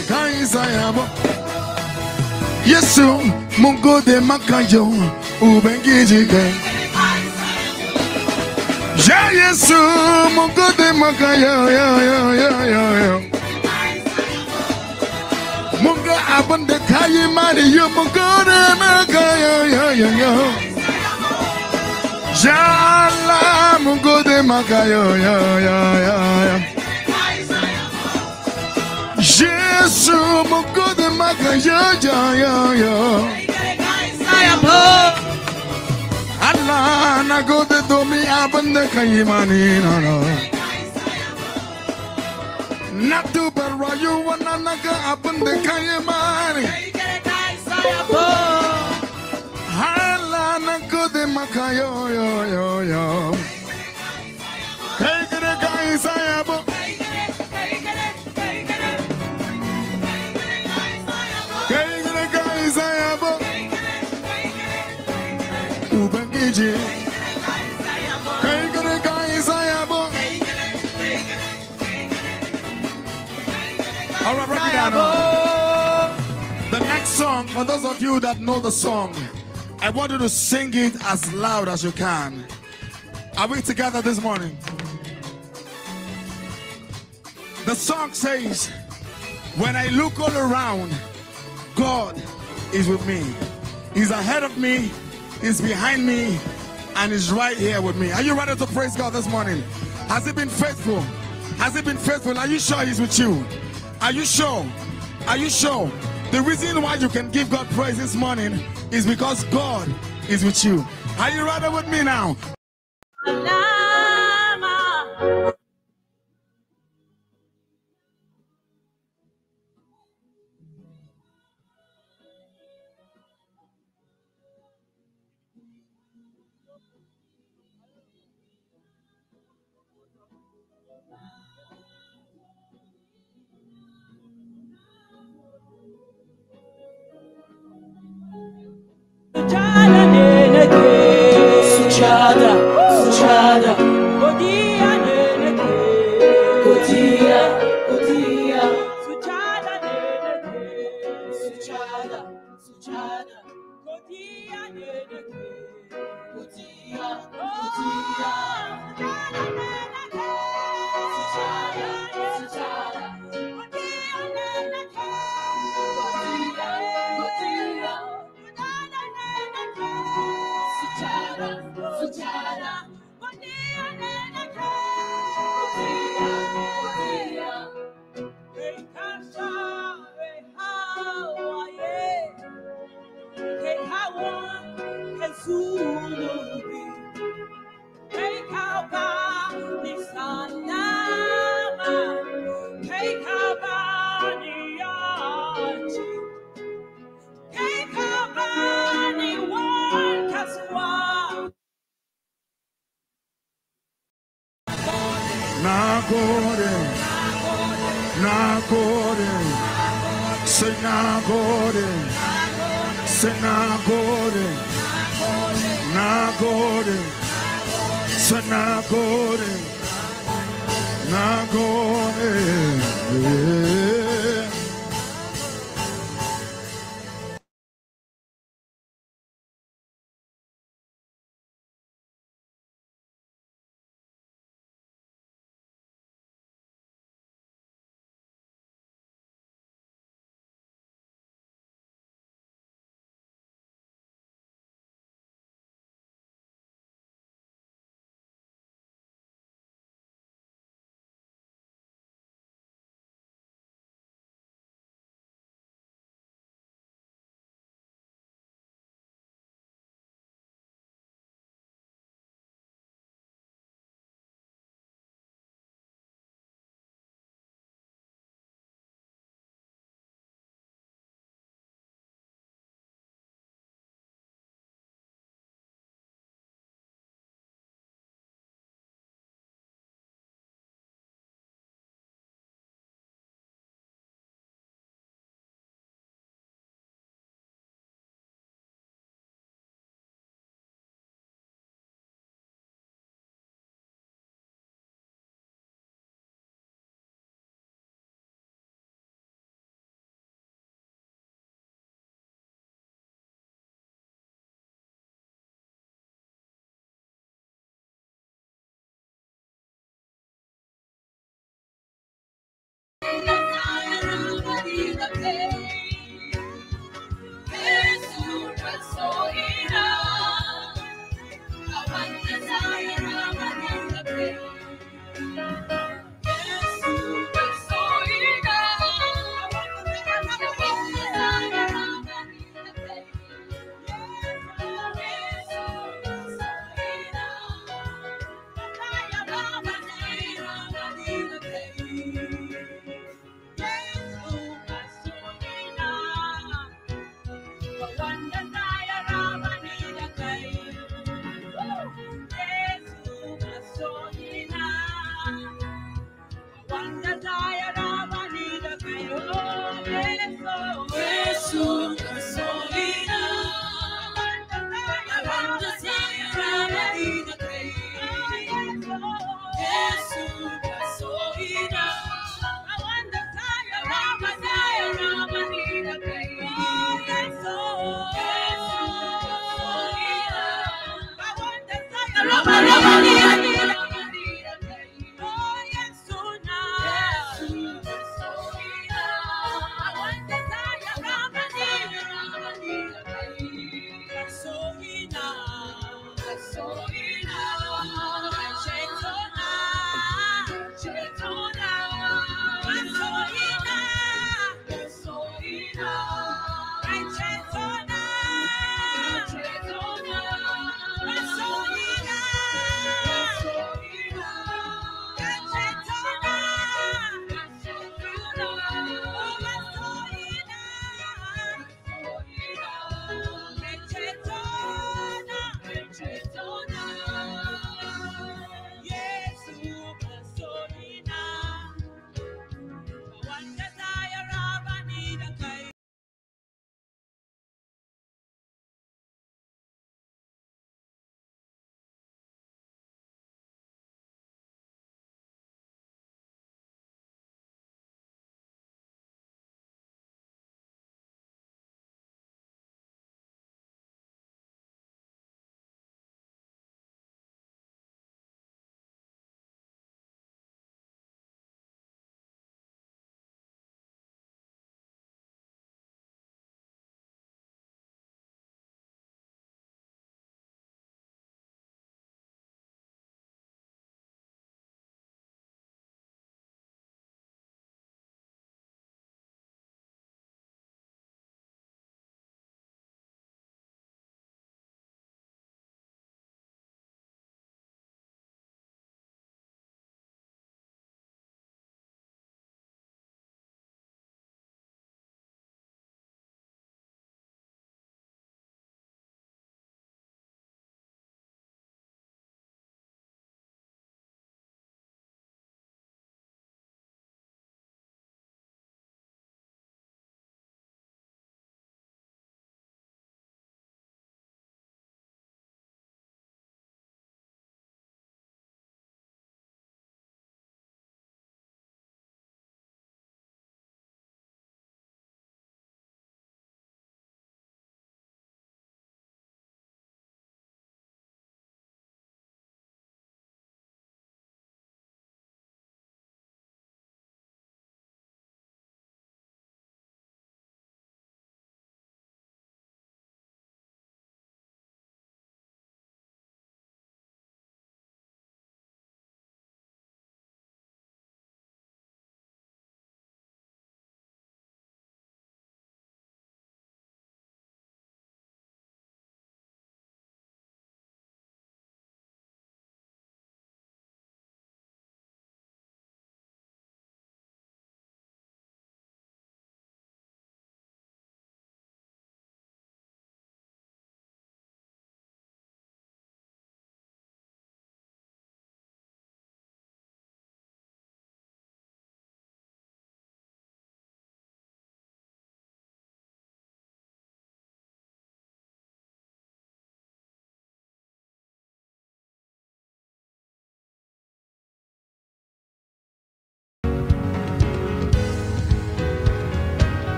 Kaisa yabo Yesu Mungu de makayo ubengijike Ya Yesu mungo de makayo yo yo yo yo yo Mungu abande kayi mari yo Mungu de makayo yo yo yo Ya Allah Mungu de makayo yo yo yo yo Allah na gode domi abin da na na na na Allah na yo yo yo yo piano. The next song, for those of you that know the song, I want you to sing it as loud as you can. Are we together this morning? The song says, When I look all around, God is with me. He's ahead of me, He's behind me, and He's right here with me. Are you ready to praise God this morning? Has He been faithful? Has He been faithful? Are you sure He's with you? Are you sure? Are you sure? The reason why you can give God praise this morning is because God is with you. Are you rather with me now? Alama. nada. Gordon. Now Gordon. Say now Gordon. Say Gordon. Now Gordon. Say Gordon. Now Gordon. Yeah.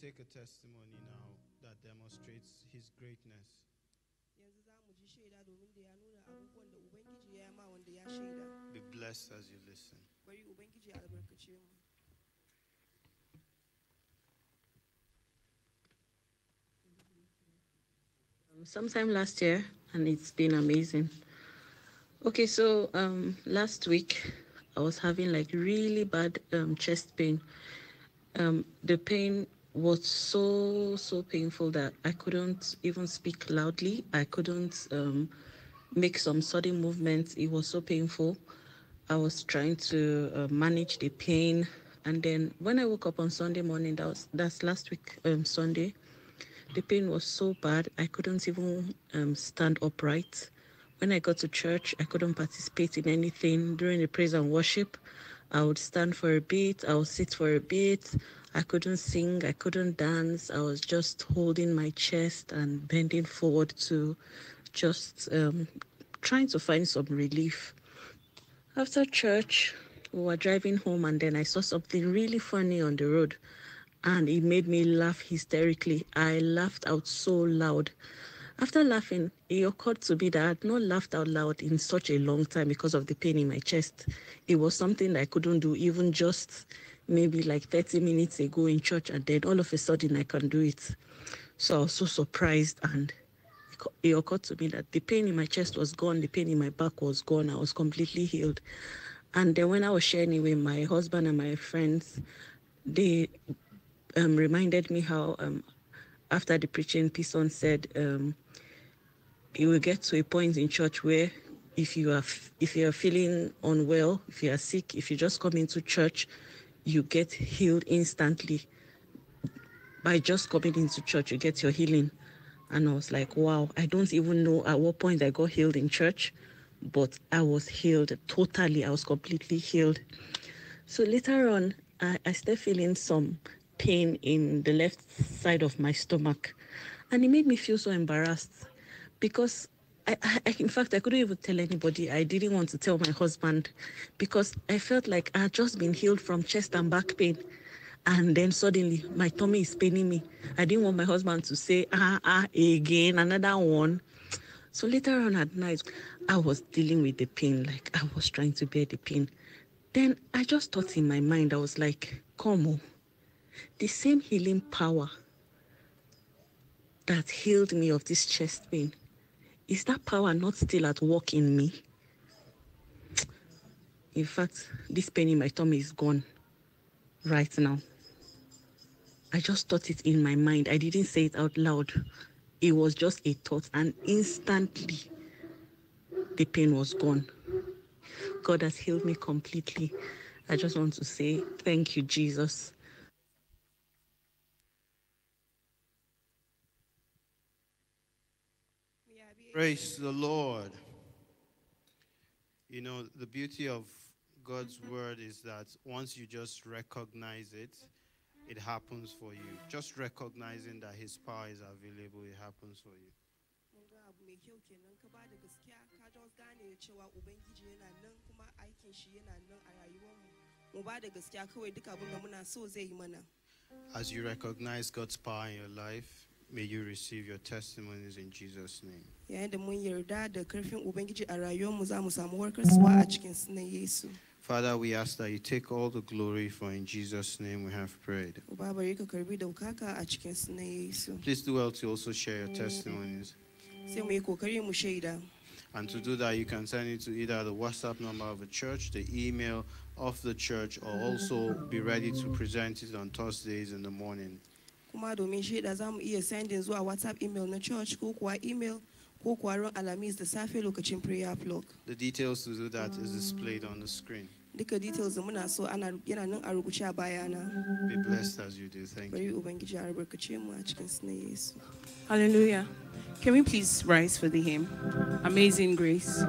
take a testimony now that demonstrates His greatness. Be blessed as you listen. Um, sometime last year, and it's been amazing. Okay, so um, last week I was having like really bad um, chest pain. Um, the pain was so so painful that I couldn't even speak loudly. I couldn't um, make some sudden movements. It was so painful. I was trying to uh, manage the pain, and then when I woke up on Sunday morning, that was that's last week um, Sunday. The pain was so bad I couldn't even um, stand upright. When I got to church, I couldn't participate in anything during the praise and worship. I would stand for a bit. I would sit for a bit. I couldn't sing, I couldn't dance. I was just holding my chest and bending forward to just um, trying to find some relief. After church, we were driving home, and then I saw something really funny on the road, and it made me laugh hysterically. I laughed out so loud. After laughing, it occurred to me that I had not laughed out loud in such a long time because of the pain in my chest. It was something I couldn't do, even just maybe like 30 minutes ago in church, and then all of a sudden I can do it. So I was so surprised, and it occurred to me that the pain in my chest was gone, the pain in my back was gone, I was completely healed. And then when I was sharing it with my husband and my friends, they um, reminded me how um, after the preaching, Pison said, um, "You will get to a point in church where, if you are if you are feeling unwell, if you are sick, if you just come into church, you get healed instantly by just coming into church you get your healing and i was like wow i don't even know at what point i got healed in church but i was healed totally i was completely healed so later on i, I started feeling some pain in the left side of my stomach and it made me feel so embarrassed because I, I, in fact, I couldn't even tell anybody. I didn't want to tell my husband because I felt like I had just been healed from chest and back pain. And then suddenly my tummy is paining me. I didn't want my husband to say, ah, ah, again, another one. So later on at night, I was dealing with the pain, like I was trying to bear the pain. Then I just thought in my mind, I was like, come on, the same healing power that healed me of this chest pain is that power not still at work in me? In fact, this pain in my tummy is gone right now. I just thought it in my mind. I didn't say it out loud. It was just a thought, and instantly the pain was gone. God has healed me completely. I just want to say thank you, Jesus. Praise the Lord. You know, the beauty of God's word is that once you just recognize it, it happens for you. Just recognizing that His power is available, it happens for you. As you recognize God's power in your life, May you receive your testimonies in Jesus' name. Father, we ask that you take all the glory, for in Jesus' name we have prayed. Please do well to also share your testimonies. And to do that, you can send it to either the WhatsApp number of the church, the email of the church, or also be ready to present it on Thursdays in the morning kuma domin shaida za mu iya zuwa whatsapp email na church ko kuwa email ko kuwa ran alamis da safe lokacin prayer block the details to do that is displayed on the screen duka details da muna so ana yana nan a rubuce a bayana be blessed as you do thank you bari ubangiji ya albarkace mu a cikin sunan yesu hallelujah can we please rise for the hymn amazing grace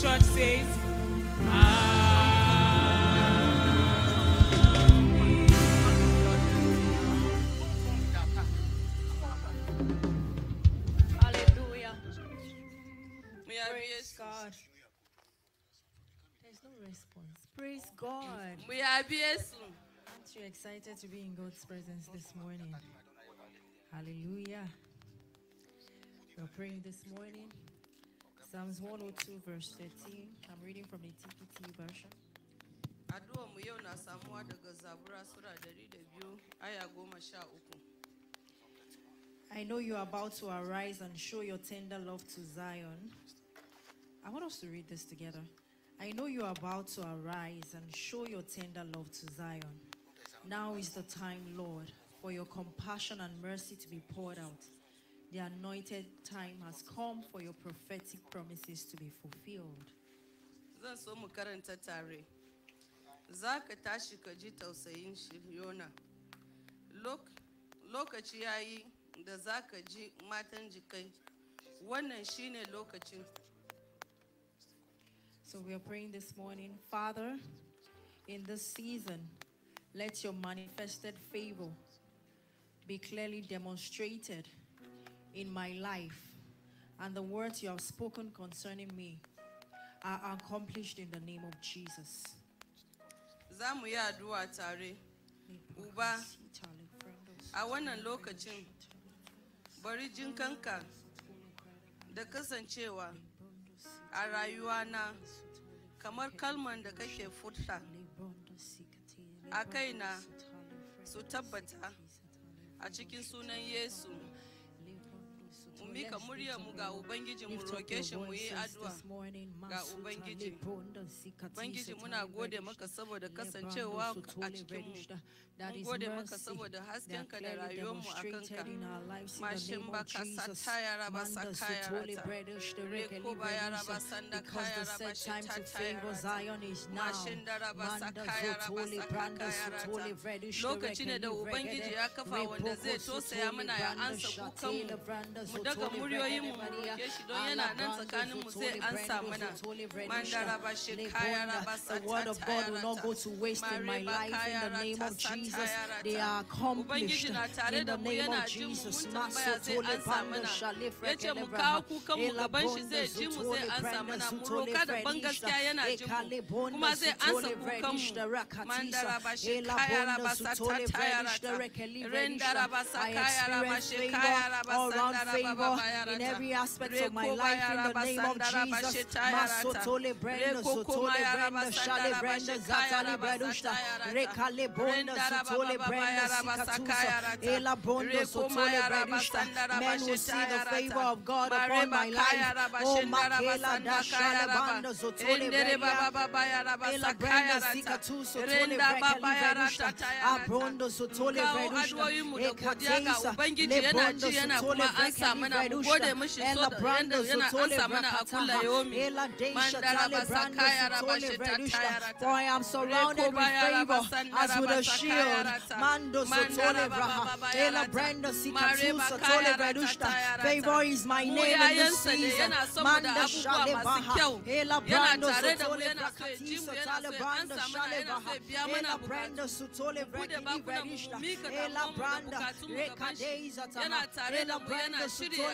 church says, Hallelujah. Praise God. There's no response. Praise God. We are blessed. Aren't you excited to be in God's presence this morning? Hallelujah. We're praying this morning. Psalms 102, verse 13. I'm reading from the TPT version. na Sura uku. I know you are about to arise and show your tender love to Zion. I want us to read this together. I know you are about to arise and show your tender love to Zion. Now is the time, Lord, for your compassion and mercy to be poured out the anointed time has come for your prophetic promises to be fulfilled. Zan tashi ka ji tausayin Yona. Lokaci ya yi da za ji matan jikai. Wannan lokacin. So we are praying this morning, Father, in this season, let your manifested favor be clearly demonstrated in my life and the words you have spoken concerning me are accomplished in the name of Jesus. Za mu tare, Uba, a wannan lokacin bari jinkanka da kasancewa a rayuwana kamar kalman da kake furta a kaina su tabbata a cikin sunan Yesu mika murya mu ga ubangiji mu roke mu yi addu'a ga ubangiji ubangiji muna gode maka saboda kasancewa a cikin mu gode maka saboda haskenka da rayuwar mu a kanka mashin baka sata yara ba saka yara ta ko ba yara ba sanda shi ta mashin lokaci ne da ubangiji ya kafa wanda zai tosaya ya ansa kukan mu daga Ah, the word of God will not go to waste in my life. In the name of Jesus, they are accomplished. In the name of Jesus, yana jin mu in every aspect of my life, in the name of Jesus. Masotole brenda, sotole brenda, shale brenda, gatale bredushta, rekale bonda, sotole brenda, sikatusa, ela bonda, sotole bredushta. Men will see the favor of God upon my life. Oh, makela da shale banda, sotole brenda, ela brenda, sikatusa, sotole bredushta, abrondo, sotole bredushta, ekatesa, le bonda, sotole bredushta, gode mishi I am surrounded with favor as with a shield mando sotole braha ela brenda sikatu sotole bredushta favor is my name in this season manda shale baha ela brando sotole brakati sotale brando shale baha ela brando sotole brakati bredushta ela branda rekadeiza tana ela brando sotole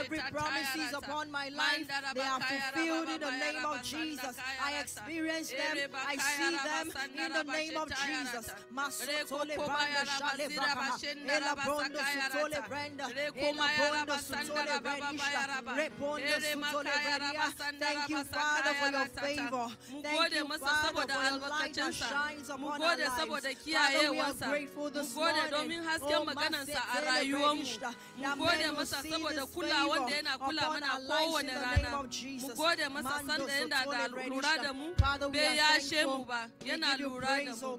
Every promise is upon my life, they are fulfilled in the name of Jesus. I experience them, I see them in the name of Jesus. Thank you, Father, for your favor. Thank you, Father, for your light that shines upon our lives. Father, we are grateful this morning. masa a rayuwar mu gode masa saboda kulawar da yana kula mana kowane rana mu gode masa sanda yana da lura da mu bai yashe mu ba yana lura da mu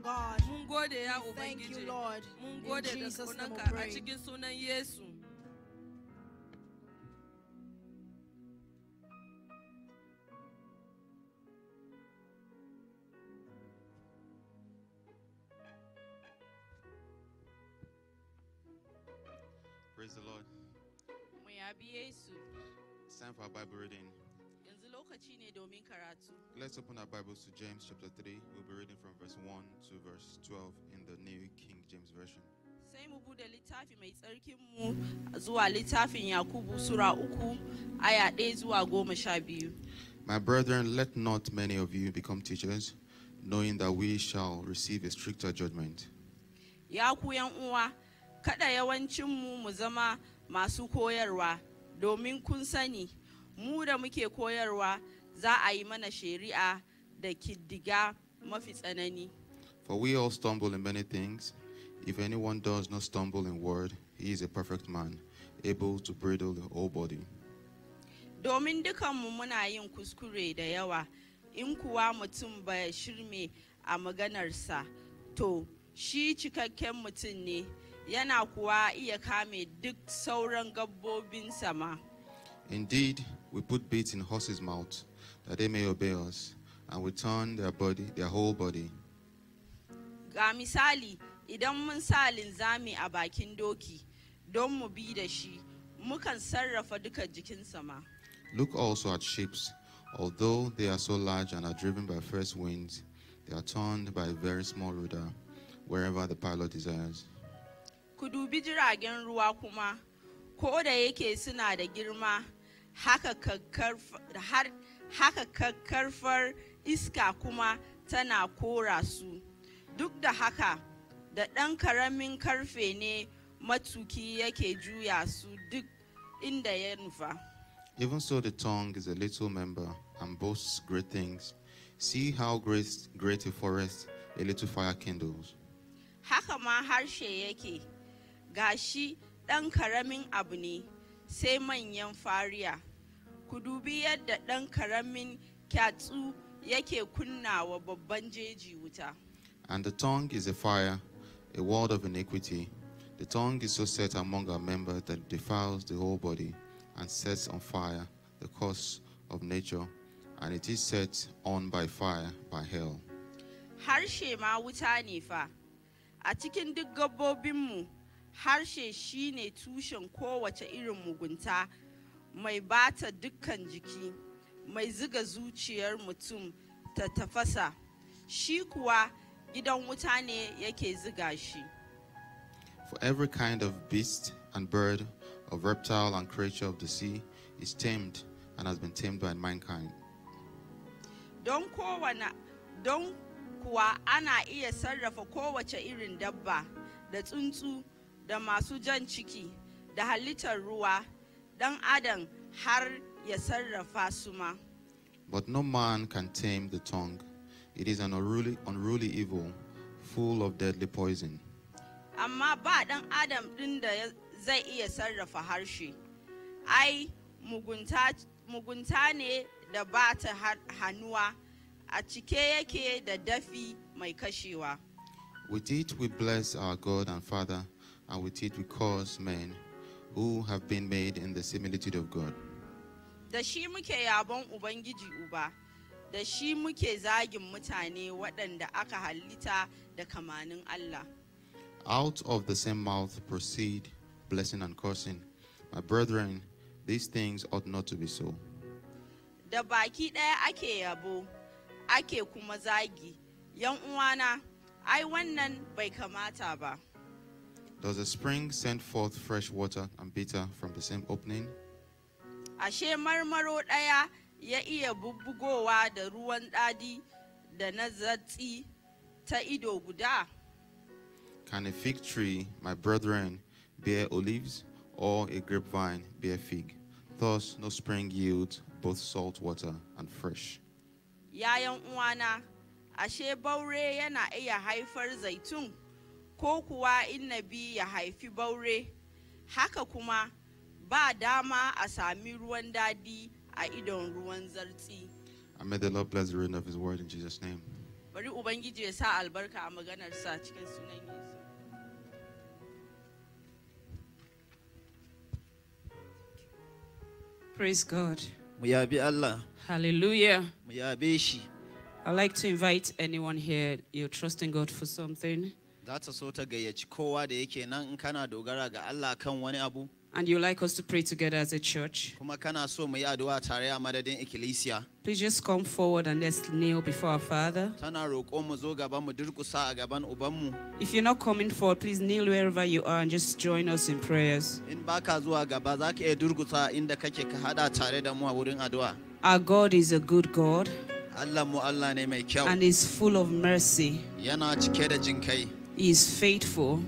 mun gode ya ubangiji mun gode da sunanka a cikin sunan yesu It's time for our Bible reading. Let's open our Bibles to James chapter 3. We'll be reading from verse 1 to verse 12 in the New King James Version. Sai mu bude littafi mai zuwa littafin Yakubu Sura uku aya ɗaya zuwa goma sha biyu. My brethren, let not many of you become teachers, knowing that we shall receive a stricter judgment. Ya ku uwa, kada mu zama masu koyarwa domin kun sani mu da muke koyarwa za a yi mana shari'a da kiddiga mafi tsanani. For we all stumble in many things. If anyone does not stumble in word, he is a perfect man, able to bridle the whole body. Domin dukanmu muna yin kuskure da yawa, in kuwa mutum ba shirme a maganarsa, to shi cikakken mutum ne. yana kuwa iya kame duk sauran gabbobin sama. Indeed, we put bits in horses' mouths that they may obey us, and we turn their body, their whole body. Ga misali, idan mun sa linzami a bakin doki don mu bi da shi, mukan sarrafa duka jikin sama. Look also at ships, although they are so large and are driven by fresh winds, they are turned by a very small rudder, wherever the pilot desires. ku dubi jiragen ruwa kuma ko da yake suna da girma haka kakkarfar iska kuma tana kora su duk da haka da ɗan karamin karfe ne matuki yake juya su duk inda ya nufa even so the tongue is a little member and boasts great things see how great a forest a little fire kindles haka ma harshe yake gashi karamin abu ne sai manyan fariya ku dubi yadda karamin kyatsu yake kunnawa babban jeji wuta and the tongue is a fire a world of iniquity the tongue is so set among our members that defiles the whole body and sets on fire the course of nature and it is set on by fire by hell harshe ma wuta ne fa a cikin duk harshe shine tushen kowace irin mugunta mai bata dukkan jiki mai ziga zuciyar mutum ta tafasa shi kuwa gidan wuta ne yake ziga shi For every kind of beast and bird, of reptile and creature of the sea, is tamed and has been tamed by mankind. Don kowane don kuwa ana iya sarrafa kowace irin dabba da tsuntsu da masu jan ciki da halittar ruwa dan adam har ya sarrafa su ma. But no man can tame the tongue. It is an unruly, unruly evil, full of deadly poison. Amma ba dan adam ɗin da zai iya sarrafa harshe. Ai, mugunta ne da ba ta hannuwa a cike yake da dafi mai kashewa. With it we bless our God and Father and with it we cause men who have been made in the similitude of God. Da shi muke yabon Ubangiji Uba, da shi muke zagin mutane waɗanda aka halitta da kamanin Allah. Out of the same mouth proceed blessing and cursing. My brethren, these things ought not to be so. Da baki ɗaya ake yabo, ake kuma uwana, ai wannan bai kamata ba. Does a spring send forth fresh water and bitter from the same opening? Ashe marmaro ya iya da ruwan da ta ido guda. Can a fig tree, my brethren, bear olives, or a grapevine bear fig? Thus, no spring yields both salt water and fresh. uwana, ashe baure yana iya haifar zaitun ko kuwa innabi ya haifi baure haka kuma ba dama a sami ruwan dadi a idon ruwan zartsi may the lord bless the reading of his word in jesus name bari ubangiji ya sa albarka a maganarsa cikin sunan yesu Praise God. Muyabi Allah. Hallelujah. Muyabe shi. I'd like to invite anyone here, you're trusting God for something so ta gayyaci kowa da yake nan in kana dogara ga Allah kan wani abu And you like us to pray together as a church? Please just come forward and let's kneel before our Father. If you're not coming forward, please kneel wherever you are and just join us in prayers. Our God is a good God. And is full of mercy. He is faithful.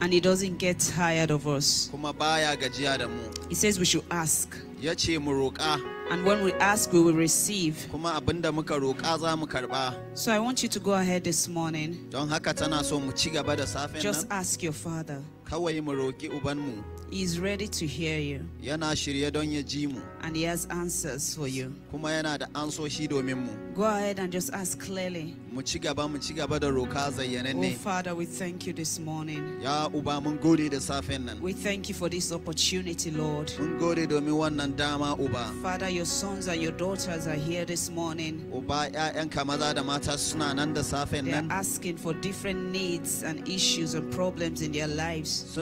And he doesn't get tired of us. He says we should ask. And when we ask, we will receive. So I want you to go ahead this morning. Just ask your Father. He is ready to hear you. And He has answers for you. Go ahead and just ask clearly. Oh Father, we thank you this morning. We thank you for this opportunity, Lord. Father, your sons and your daughters are here this morning. They're asking for different needs and issues and problems in their lives.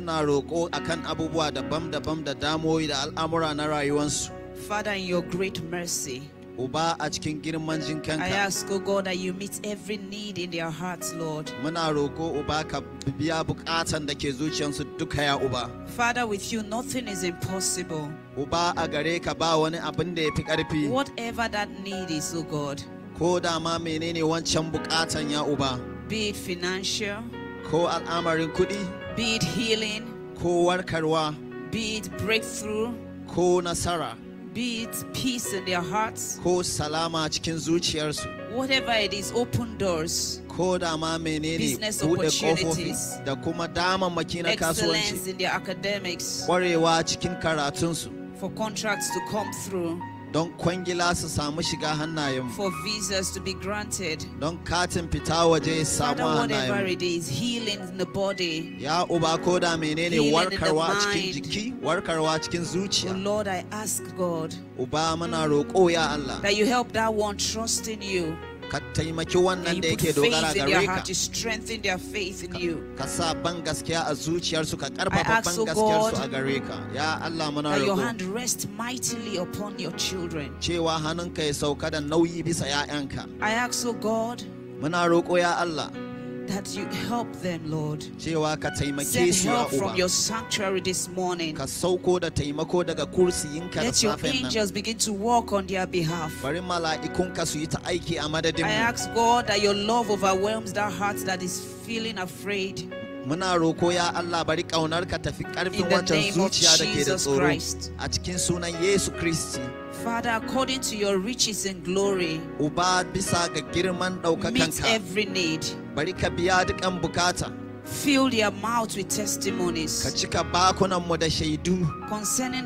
Father, in your great mercy. Uba a cikin girman jinkanka. I ask, oh God, that you meet every need in their hearts, Lord. Muna roko Uba ka biya bukatan da ke zuciyansu duka ya Uba. Father, with you nothing is impossible. Uba a gare ka ba wani abin da ya fi Whatever that need is, O oh God. Ko da ma menene wancan bukatan ya Uba. Be it financial. Ko al'amarin kuɗi. Be it healing. Ko warkarwa. Be it breakthrough. Ko nasara. Be it peace in their hearts. Ko salama cikin zuciyarsu. Whatever it is, open doors. Ko da ma menene buɗe ƙofofi da kuma kasuwanci. Excellence in their academics. cikin karatunsu. For contracts to come through don kwangila su samu shiga hannayen for visas to be granted don katin fita waje samu hannayen it is healing in the body ya uba ko da menene warkarwa cikin jiki warkarwa cikin zuciya oh lord i ask god uba muna roƙo ya allah that you help that one trust in you ka taimaki wannan da yake dogara gare ka ka sa ban gaskiya a zuciyarsu ka karfafa ban gaskiyarsu a gare ka ya Allah muna roƙo cewa hannunka ya sauka da nauyi bisa 'ya'yanka muna roƙo ya Allah that you help them, Lord. Send help from your sanctuary this morning. Let your angels begin to work on their behalf. I ask God that your love overwhelms that heart that is feeling afraid. In the name of Jesus Christ. tafi ƙarfin wancan zuciya da Father, according to your riches and glory, meet every need. Fill their mouths with testimonies concerning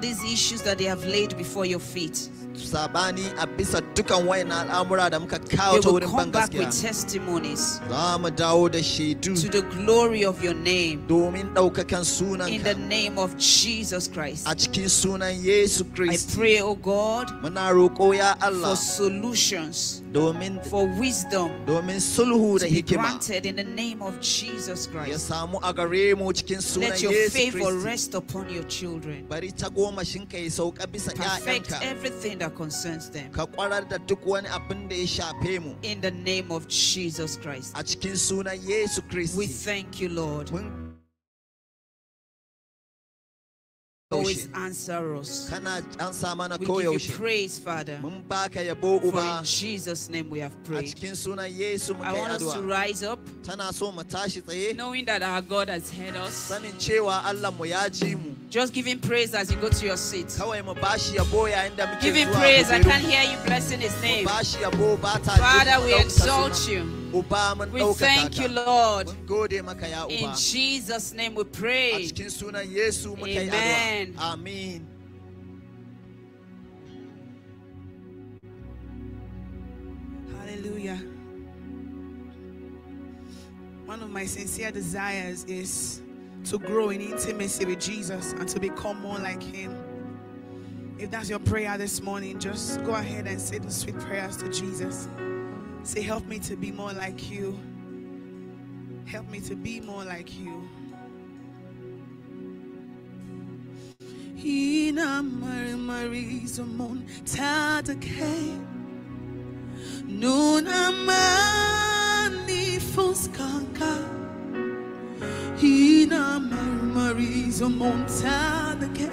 these issues that they have laid before your feet sabani a bisa dukan wayannan al'amura da muka kawo ta wurin za mu dawo da shaidu to the glory of your name domin sunan in the name of Jesus Christ a cikin sunan Yesu Christ I pray God muna roƙo ya Allah for solutions domin for wisdom domin sulhu da hikima granted in the name of Jesus Christ ya samu a gare mu cikin sunan Yesu let your favor rest upon your children bari ta goma shinka ya sauka bisa ƴaƴanka perfect everything that that concerns them. In the name of Jesus Christ. We thank you, Lord. always answer us. We give you praise, Father. For in Jesus' name we have prayed. I want us to rise up, knowing that our God has heard us. Just give him praise as you go to your seat. Give him praise. I can't hear you blessing his name. Father, we exalt you. We thank you, Lord. Eh, in Jesus' name we pray. Amen. Amen. Hallelujah. One of my sincere desires is to grow in intimacy with Jesus and to become more like Him. If that's your prayer this morning, just go ahead and say the sweet prayers to Jesus. Say, Help me to be more like you. Help me to be more like you. Ina marimarizo tada tadake Nuna mani fuskanka Hina marmarizo montana ke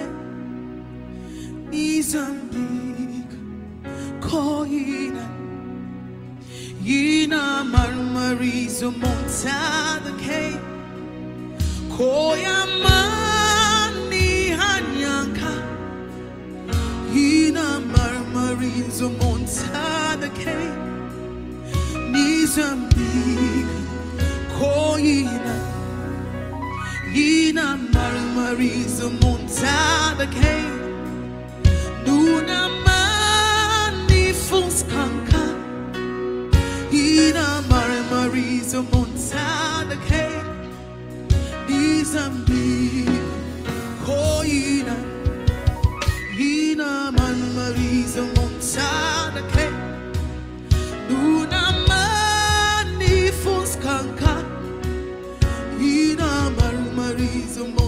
Izambik koina Hina marmarizo montana ke Koyamani hanyaka Hina marmarizo montana ke Izambik koina Ina marmari zumunta beke Nuna mani fons kanka Ina marmari zumunta beke Izambi ko ina Ina marmari zumunta beke Nuna mani fons kanka Ina marmari Paris ou Montanque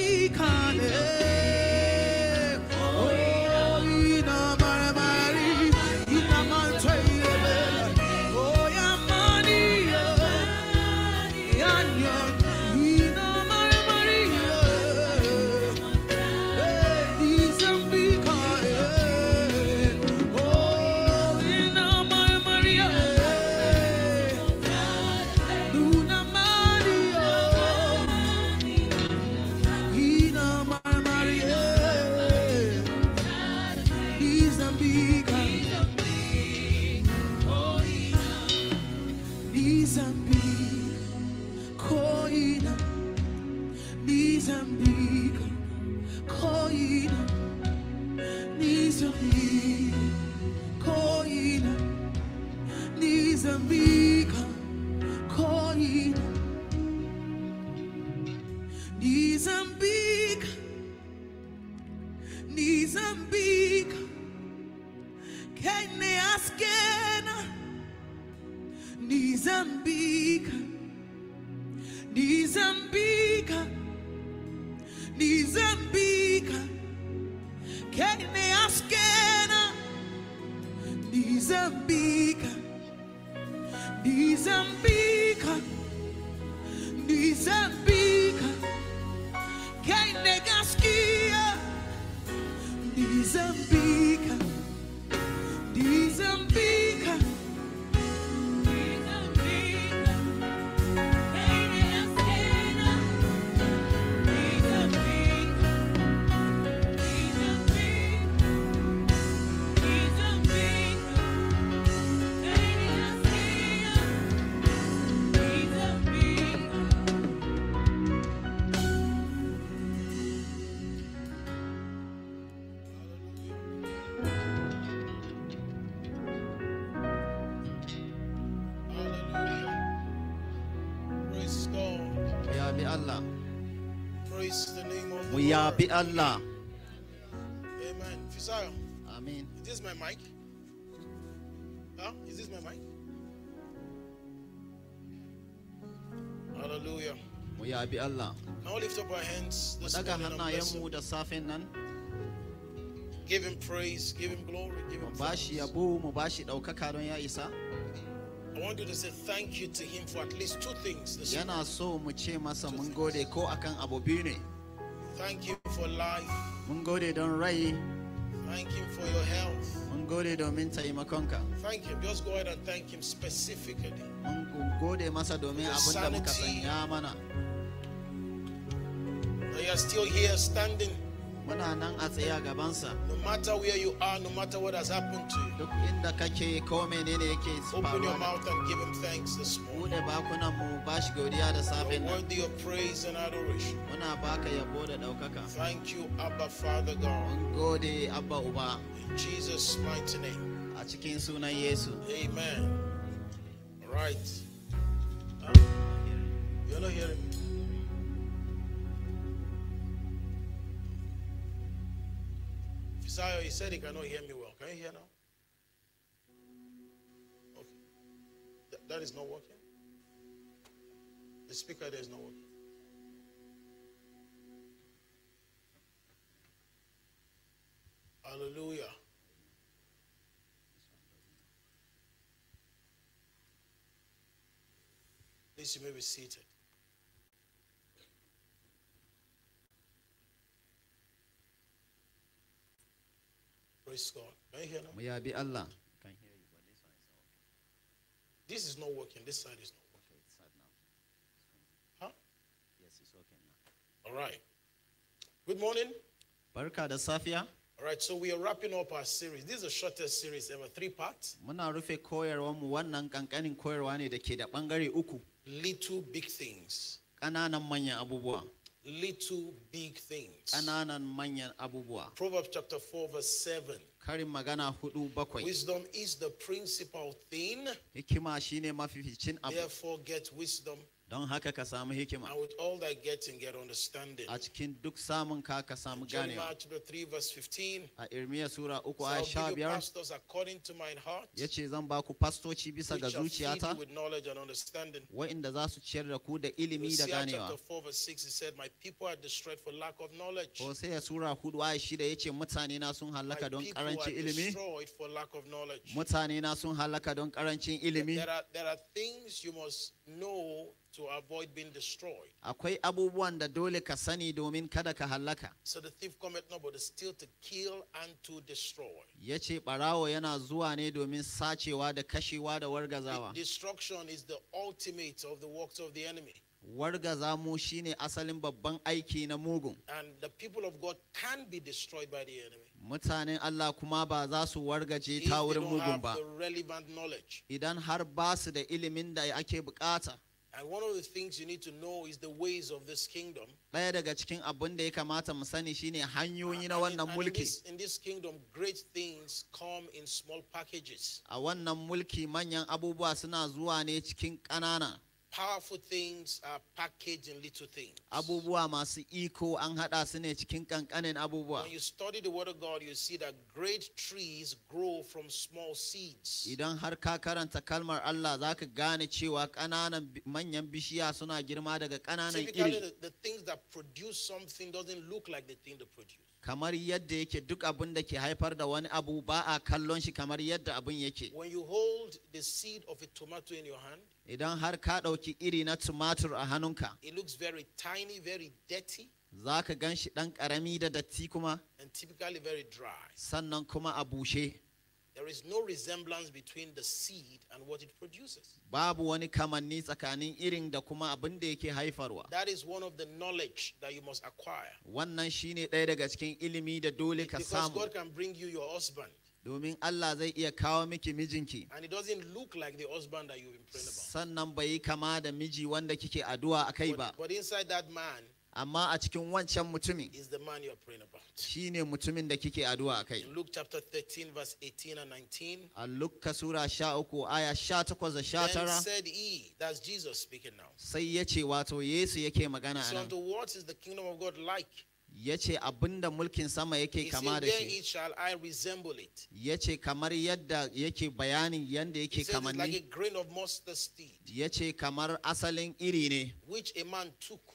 be Allah. Amen. Fisar. Amen. Is this my mic? Huh? Is this my mic? Hallelujah. Mu oh, yabi Allah. Now lift up our hands. Daga hannayenmu da safen nan. Give him praise, give him glory, give him bashi yabo, mu bashi daukaka don ya isa. I want you to say thank you to him for at least two things. Yana so mu ce masa mun gode ko akan abu biyu ne. Thank you for life. Mun don rai. Thank you for your health. Mun gode domin taimakonka. Thank you. Just go ahead and thank him specifically. Mun masa domin abin da mana. They are still here standing muna nan a tsaye gabansa no matter where you are no matter what has happened to you duk inda kake ko menene yake open your mouth and give him thanks this morning bude bakunan mu ba shi godiya da safe nan worthy of praise and adoration muna baka yabo da daukaka thank you abba father god mun gode abba uba in jesus mighty name a cikin sunan yesu amen All right um, you're not hearing me Desire, he said he cannot hear me well. Can you hear now? Okay. Th- that is not working. The speaker there is not working. Hallelujah. Please, you may be seated. Praise God. Can you hear now? Yeah, be Allah. Can hear you, but this one is not working. This is not working. This side is not working. Okay, it's sad now. Huh? Yes, it's working now. All right. Good morning. Baraka da Safia. All right, so we are wrapping up our series. This is the shortest series ever, three parts. Muna rufe koyarwar mu wannan kankanin koyarwa ne da ke da bangare uku. Little big things. Ƙananan manyan abubuwa little big things. manyan Proverbs chapter 4 verse 7. Wisdom is the principal thing. Therefore get wisdom. don haka ka samu hikima and with all that getting get understanding a cikin duk samun ka ka samu ganewa a Irmiya sura 3 aya 15 yace zan ba ku pastoci bisa ga zuciyata wa'inda za su ciyar da ku da ilimi da ganewa Hosea sura 4 aya 6 yace mutane na sun halaka don karancin ilimi mutane na sun halaka don karancin ilimi to avoid being destroyed. Akwai abubuwan da dole ka sani domin kada ka hallaka. So the thief cometh not but steal to kill and to destroy. Yace barawo yana zuwa ne domin sacewa da kashewa da wargazawa. Destruction is the ultimate of the works of the enemy. Wargaza mu shine asalin babban aiki na mugun. And the people of God can be destroyed by the enemy. Mutanen Allah kuma ba za su wargaje ta wurin mugun ba. Idan har ba su da ilimin da ake bukata. And one of the things you need to know is the ways of this kingdom. In this kingdom great things come in small packages. Powerful things are packaged in little things. Abubuwa masu iko an hada su ne cikin kankanin abubuwa. When you study the word of God, you see that great trees grow from small seeds. Idan har ka karanta kalmar Allah, zaka gane cewa kananan manyan bishiya suna girma daga kananan iri. the, the things that produce something doesn't look like the thing that produce. kamar yadda yake duk abin da ke haifar da wani abu ba a kallon shi kamar yadda abin yake idan har ka ɗauki iri na tumatur a hannunka za ka gan shi ɗan ƙarami da datti kuma sannan kuma a bushe There is no resemblance between the seed and what it produces. Babu wani kamanni tsakanin irin da kuma abin da yake haifarwa. That is one of the knowledge that you must acquire. Wannan shine ɗaya daga cikin ilimi da dole ka samu. Because God can bring you your husband. domin Allah zai iya kawo miki mijinki. And it doesn't look like the husband that you Sannan bai yi kama da miji wanda kike addu'a a kai ba. But inside that man, amma a cikin wancan mutumin shi ne mutumin da kike addu'a a kai a lukka sura sha uku aya sha takwas da sha tara sai ya ce wato yesu yake magana a nan ya ce abinda mulkin sama yake kama da shi ya ce kamar yadda yake bayani yadda yake kamanni ya ce kamar asalin iri ne which a man took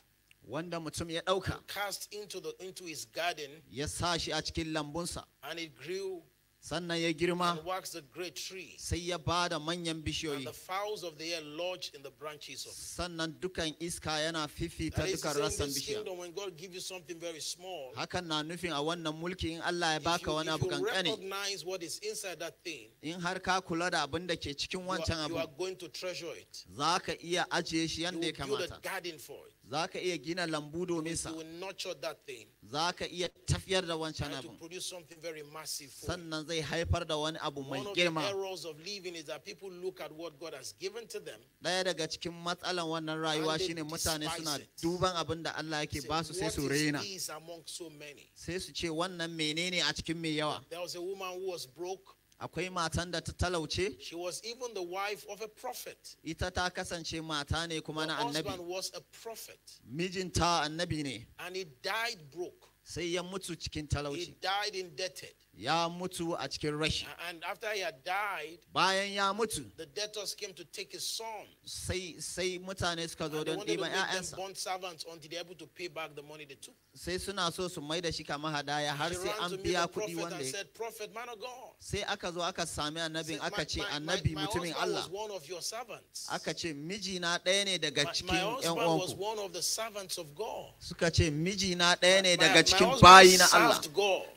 wanda mutum ya dauka cast into the into his garden ya sa shi a cikin lambunsa and it grew sannan ya girma and a great tree sai ya bada manyan bishiyoyi and the fowls of the air lodge in the branches of sannan dukan iska yana fifita dukan rassan bishiya that when God give you something very small hakan na nufin a wannan mulki in Allah ya baka wani abu kankani is inside that thing in har ka kula da abin da ke cikin wancan abu you are going to treasure it za iya ajiye shi yanda ya kamata garden for za ka iya gina lambu domin sa za ka iya tafiyar da wancan abu sannan zai haifar da wani abu mai girma Daya daga cikin matsalan wannan rayuwa shine mutane suna duban abin da Allah yake ba su sai su raina sai su ce wannan menene a cikin mai yawa Akwai matan da ta talauce. She was even the wife of a prophet. Ita ta kasance mata ne kuma na annabi. husband was a prophet. Mijinta annabi ne. And he died broke. Sai ya mutu cikin talauci. He died indebted. ya mutu a cikin rashi and after he had died bayan ya mutu the debtors came to take his son sai sai mutane suka zo don ɗiban ƴaƴansa bond servants until they able to pay back the money they took sai suna so su mai da shi kamar hadaya har sai an biya kuɗi wanda ya sai aka zo aka sami annabin aka ce annabi mutumin Allah aka ce mijina ɗaya ne daga cikin ƴan uwanku suka ce mijina ɗaya ne daga cikin bayi na Allah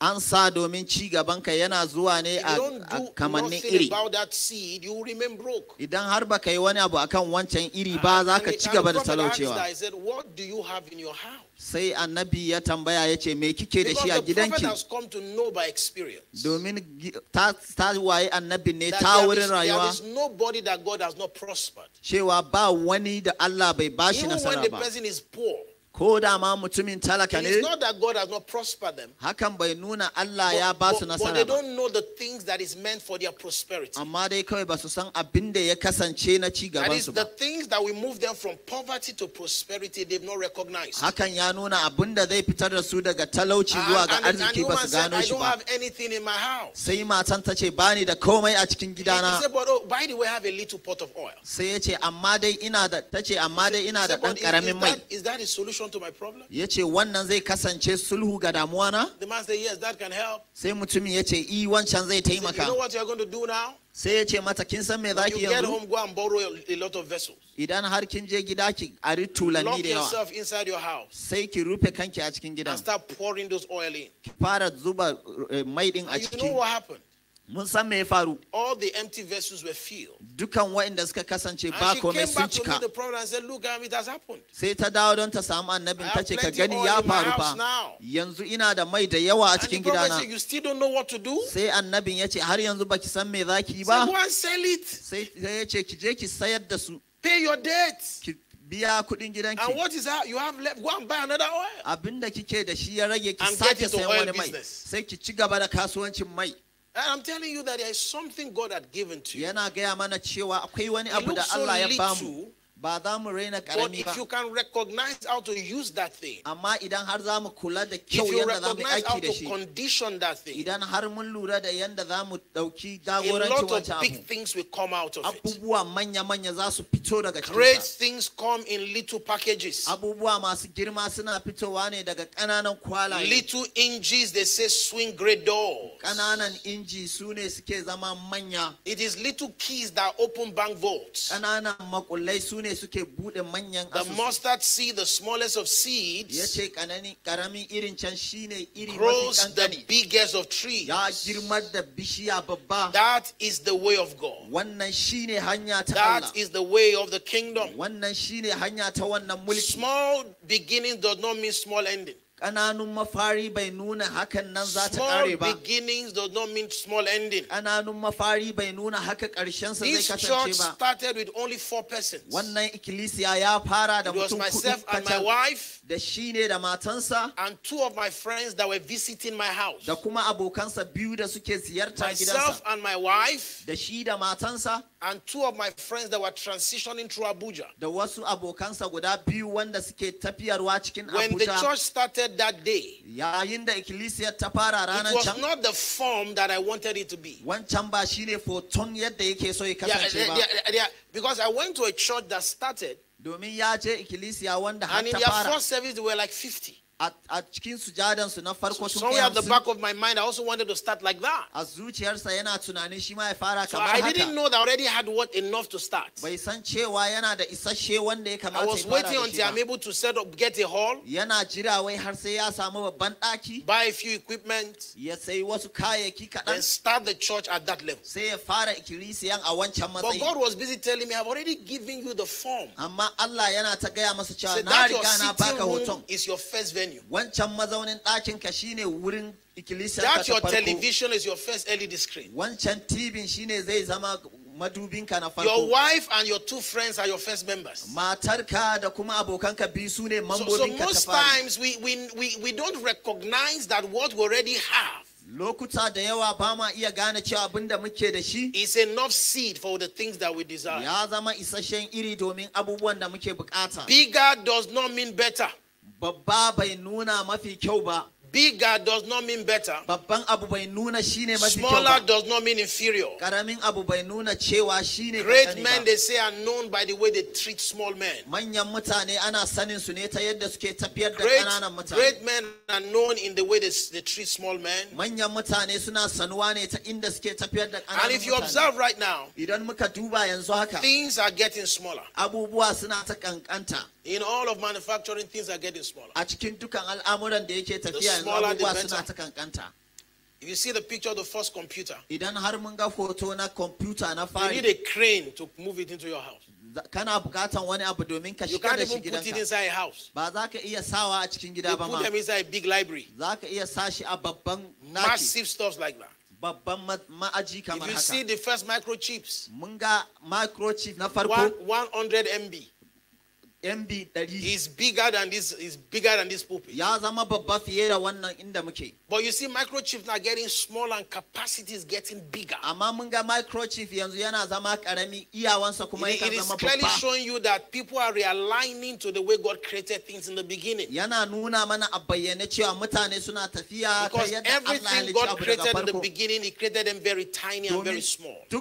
an sa domin ci gaban ka yana zuwa ne a kamannin iri idan har baka yi wani abu akan wancan iri ba za ka ci gaba da talaucewa sai annabi ya tambaya ya ce me kike da shi a gidanki domin ta waye annabi ne ta wurin rayuwa cewa ba wani da Allah bai bashi nasara ba Ko da ma mutumin talaka It's not that God has not prospered them. Hakan bai nuna Allah ya ba su But they don't know the things that is meant for their prosperity. Amade dai kawai ba su san abin da ya kasance na ci gaban su the things that we move them from poverty to prosperity they've not recognized. Hakan ya nuna abin da pitara fitar da su daga talauci zuwa I don't have anything in my house. Sai matan ta ce bani da koma ya cikin gidana. said but oh, by the way I have a little pot of oil. Sai ya ce amma dai ina da tace amma dai ina da dan Is that a solution solution to my problem? Yace wannan zai kasance sulhu ga damuwa na? The man said, yes, that can help. Sai mutumin yace, "I wancan zai taimaka." You know what you are going to do now? sai ya ce mata kin san me zaki yanzu idan har kin je gida ki ari tulani da yawa house sai ki rufe kanki a cikin gidan ki fara zuba eh, mai din a ciki mun san me ya faru all the empty vessels were filled dukan waɗanda suka kasance ba komai sun cika um, sai ta dawo don ta samu annabin ta ce ka gani ya faru fa yanzu ina da mai da yawa a cikin gidana sai annabin ya ce har yanzu baki san me zaki ba sai ya ce ki je ki sayar da su pay your debts biya kuɗin gidanki. And what is that you have left? Go and buy another oil. Abinda kike da shi ya rage ki sake sayan wani mai. Sai ki ci gaba da kasuwancin mai. And I'm telling you that there is something God had given to you. It looks so little, but if you can recognize how to use that thing, if you recognize how to condition that thing, a lot of big things will come out of it. Great things come in little packages. Little inches they say swing great doors. It is little keys that open bank vaults. ne suke bude manyan asusu. The mustard seed, the smallest of seeds, yace karamin irin can shine iri grows the biggest of trees. Ya girmar da bishiya babba. That is the way of God. Wannan shine hanya ta Allah. That is the way of the kingdom. Wannan shine hanya ta wannan mulki. Small beginning does not mean small ending. ƙananun mafari bai nuna hakan nan za ta ƙare ba. Small beginnings does not mean small ending. Ƙananun mafari bai nuna haka ƙarshensa zai kasance ba. This church started with only four persons. Wannan ikkilisiya ya fara da mutum kuɗi kacal. It was myself and my wife. Da shi ne da matansa. And two of my friends that were visiting my house. Da kuma abokansa biyu da suke ziyarta gidansa. Myself and my wife. Da shi da matansa and two of my friends that were transitioning through Abuja. Da wasu abokansa guda biyu wanda suke tafiyarwa cikin Abuja. When the church started that day. Yayin da ikkilisiya ta fara ranar can. It was not the form that I wanted it to be. Wancan ba shine foton yadda yake so ya kasance ba. Yeah, because I went to a church that started. Domin ya je ikkilisiya wanda har ta fara. And in their first service they were like 50 a at the back of my mind I also wanted to start like that. So I didn't know that I already had what enough to start. I was waiting until I'm able to set up get a hall. Buy a few equipment. Ya Then start the church at that level. But God was busy telling me I've already given you the form. So that yana ta gaya Is your first venue venue. That your television is your first LED screen. Your wife and your two friends are your first members. So most times we, we, we, we don't recognize that what we already have lokuta is enough seed for the things that we desire bigger does not mean better babba bai nuna mafi kyau ba Bigger does not mean better. abu Smaller does not mean inferior. Great men they say are known by the way they treat small men. Great, Great men are known in the way they, they treat small men. And if you observe right now, things are getting smaller. In all of manufacturing things are getting smaller. smaller the better. If you see the picture of the first computer, idan har mun ga hoto na computer na fari, you need a crane to move it into your house. kana bukatan wani abu domin ka shiga da shi gidanka ba za ka iya sawa a cikin gida ba ma za ka iya sa shi a babban massive stuff like that babban ma'aji kamar haka if you see the first microchips mun ga microchip na farko 100 MB He's bigger than this. He's bigger than this pulpit. But you see, microchips are getting small and capacity is getting bigger. Amma It is clearly showing you that people are realigning to the way God created things in the beginning. Because everything God created in the beginning, He created them very tiny and very small. The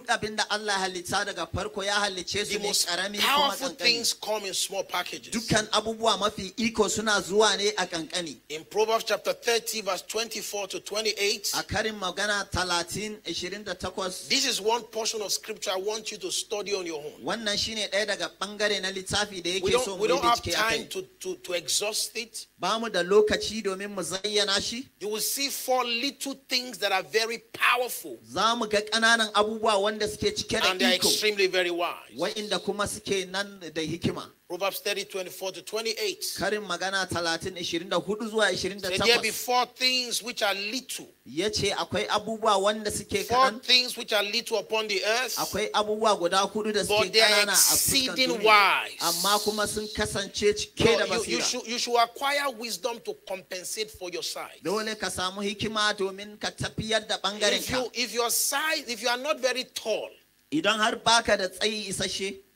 most powerful things come in small packages. Dukkan abubuwa mafi iko suna zuwa ne a kankani. In Proverbs chapter 30 verse 24 to 28. A karin magana 30 28. This is one portion of scripture I want you to study on your own. Wannan shine ɗaya daga ɓangare na littafi da yake so mu bincike. We don't have time to, to, to exhaust it. Ba mu da lokaci domin mu zayyana shi. You will see four little things that are very powerful. Za mu ga ƙananan abubuwa wanda suke cike da iko. And they are extremely very wise. Wa'inda kuma suke nan da hikima. Proverbs 30, 24 to 28. Karin There be four things which are little. Four things which are little upon the earth. but they are exceeding wise. Amma kuma You, should, you should acquire wisdom to compensate for your size. If you If your size, if you are not very tall. You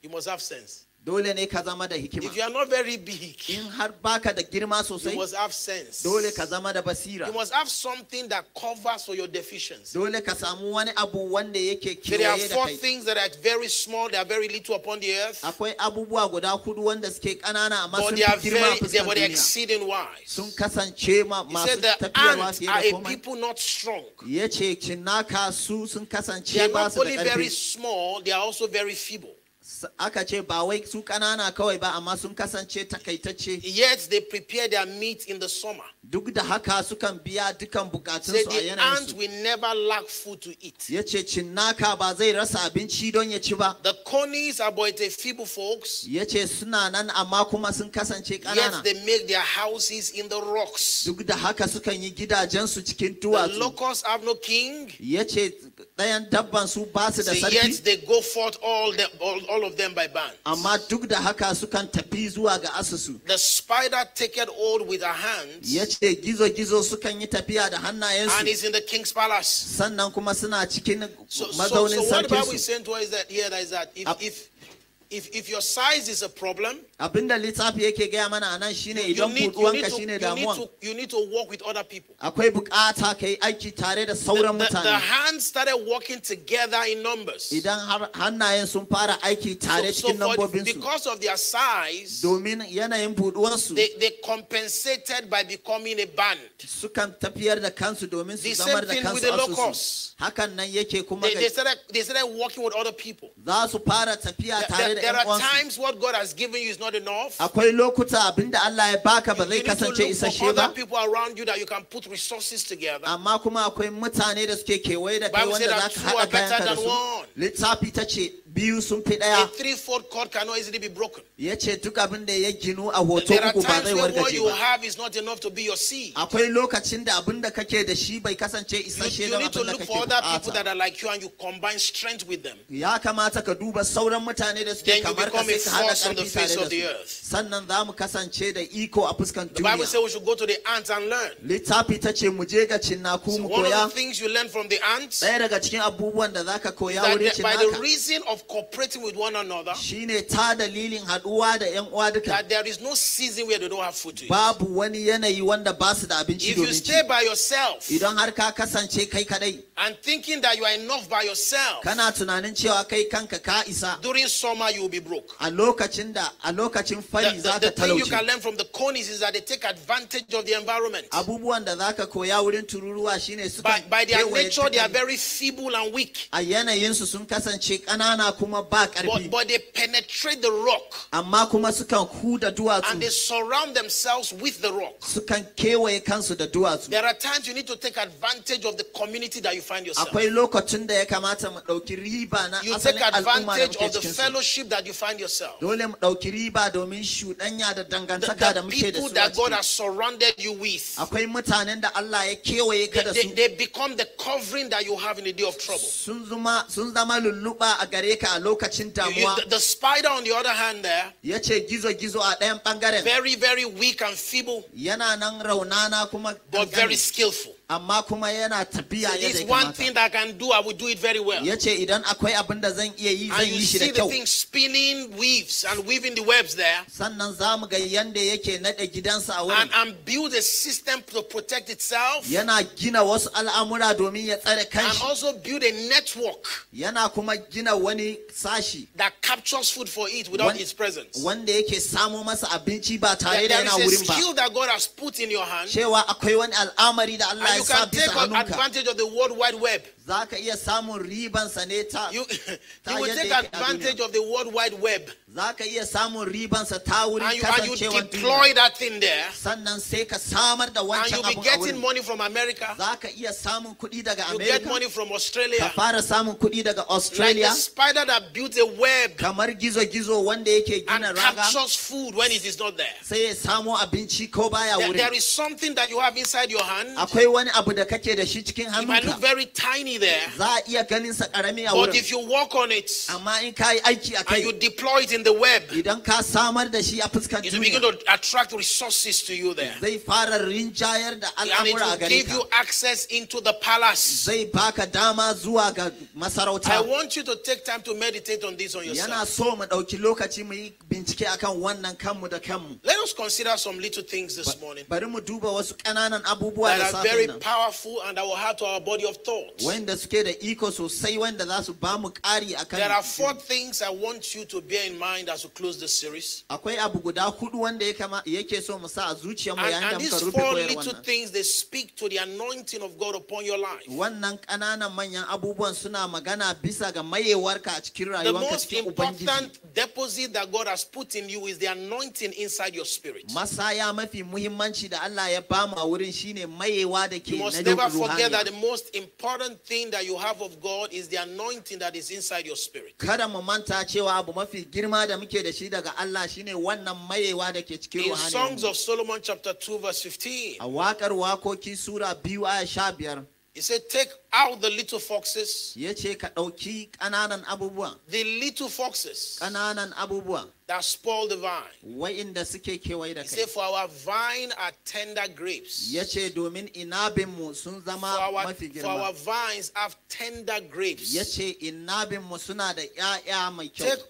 must have sense dole ne ka zama da hikima if you are not very big in har baka da girma sosai you must have sense dole ka zama da basira you must have something that covers for your deficiency dole ka samu wani abu wanda yake kiyaye da kai there are four things that are very small they are very little upon the earth akwai abubuwa guda hudu wanda suke kanana amma sun girma fuskar duniya exceeding wise sun kasance ma masu tafiyarwa people not strong yace cinnaka su sun kasance ba su da they are not only very small they are also very feeble aka ce ba wai su kanana kawai ba amma sun kasance takaitacce yet they prepare their meat in the summer duk da haka sukan biya dukan bukatun su a yanayin and will never lack food to eat yace cinnaka ba zai rasa abinci don ya ci ba the conies are but a feeble folks yace suna nan amma kuma sun kasance kanana. yet they make their houses in the rocks duk da haka sukan yi gidajen su cikin duwatsu the locusts have no king yace yet they go forth all, all, all of them by bands. asusu. The spider taketh hold with her hands. And is in the king's palace. So, so, so what the Bible is saying to us is that here that if, if if if your size is a problem abinda littafi yake gaya mana you need to work with other people the hands started working together in numbers So hannayen because of their size they, they compensated by becoming a band sukan tafiyar they started they started working with other people there are times what God has given you is not enough. You need to look for other people around you that you can put resources together. Amma kuma akwai mutane da suke kewaye A 3 4 cord cannot easily be broken. There are times what you have is not enough to be your seed. Akwai You need to look for other people that are like you and you combine strength with them then you become a force on the face of the earth. The Bible says we should go to the ants and learn. So One of the things you learn from the ants. is By the reason of cooperating with one another. That there is no season where they don't have food to eat. If you stay by yourself. And thinking that you are enough by yourself. During summer you you will be broke. A lokacin da a lokacin fari za ka talauci. The thing you can learn from the conies is that they take advantage of the environment. Abubuwan da za koya wurin tururuwa shine suka By, by their nature they are very feeble and weak. A yanayin su sun kasance ƙanana kuma ba ƙarfi. But, but they penetrate the rock. Amma kuma sukan huda duwatsu. And they surround themselves with the rock. Sukan kewaye kansu da duwatsu. There are times you need to take advantage of the community that you find yourself. Akwai lokacin da ya kamata mu ɗauki riba na asalin al'umma You take advantage of the fellowship relationship that you find yourself. Dole mu ɗauki riba domin shuɗanya da dangantaka da muke da su. people that God has surrounded you with. Akwai mutanen da Allah ya kewaye ka da su. They become the covering that you have in the day of trouble. Sun zama sun zama lulluɓa a gare ka a lokacin damuwa. The spider on the other hand there. Ya ce gizo gizo a ɗayan ɓangaren. Very very weak and feeble. Yana nan raunana kuma. But very skillful. amma kuma yana tafiya yadda ya kamata. one thing that I can do, I will do it very well. Ya ce idan akwai abin da zan iya yi zan yi shi da kyau. And you see the thing spinning weaves and weaving the webs there. Sannan za mu ga yanda yake naɗe gidansa a wurin. And, and build a system to protect itself. Yana gina wasu al'amura domin ya tsare kanshi. And also build a network. Yana kuma gina wani sashi. That captures food for it without its presence. Wanda yake samo masa abinci ba tare da yana wurin ba. There is a skill that God has put in your hand. Cewa akwai wani al'amari da Allah ya you can take advantage of the World Wide Web zaka ka iya samun ribansa ne ta you, will take advantage of the world wide web zaka ka iya samun ribansa ta wurin and you, and you deploy that thing there sannan sai ka samar da wancan abu and you be getting money from America zaka ka iya samun kuɗi daga America you get money from Australia ka fara samun kuɗi daga Australia like the spider that builds a web kamar gizo-gizo wanda yake gina raga and captures food when it is not there sai ya samo abinci ko baya wurin there is something that you have inside your hand akwai wani abu da kake da shi cikin hannunka it might look very tiny there. But if you walk on it and you deploy it in the web, it will begin to attract resources to you there. And it will give you access into the palace. I want you to take time to meditate on this on yourself. Let us consider some little things this morning that are very powerful and that will add to our body of thoughts. wanda suke da iko sosai wanda za su ba mu ƙari akan There are four things I want you to bear in mind as we close this series. Akwai abu guda hudu wanda yake so mu sa a mu yayin da muka rufe koyarwa. And these four little things they speak to the anointing of God upon your life. Wannan kananan manyan abubuwan suna magana bisa ga mayewarka a cikin rayuwarka cikin Ubangiji. The most important deposit that God has put in you is the anointing inside your spirit. Masaya mafi muhimmanci da Allah ya a wurin shine mayewa da ke na ruhaniya. You must never forget that the most important thing that you have of God is the anointing that is inside your spirit. Kada mu manta cewa abu mafi girma da muke da shi daga Allah shine wannan mayewa da ke cikin In Songs of Solomon chapter 2 verse 15. A waƙar wakoki sura 2 aya 15. He said, Take out the little foxes. The little foxes that spoil the vine. He said, For our vine are tender grapes. Ya ce For our vines have tender grapes. Take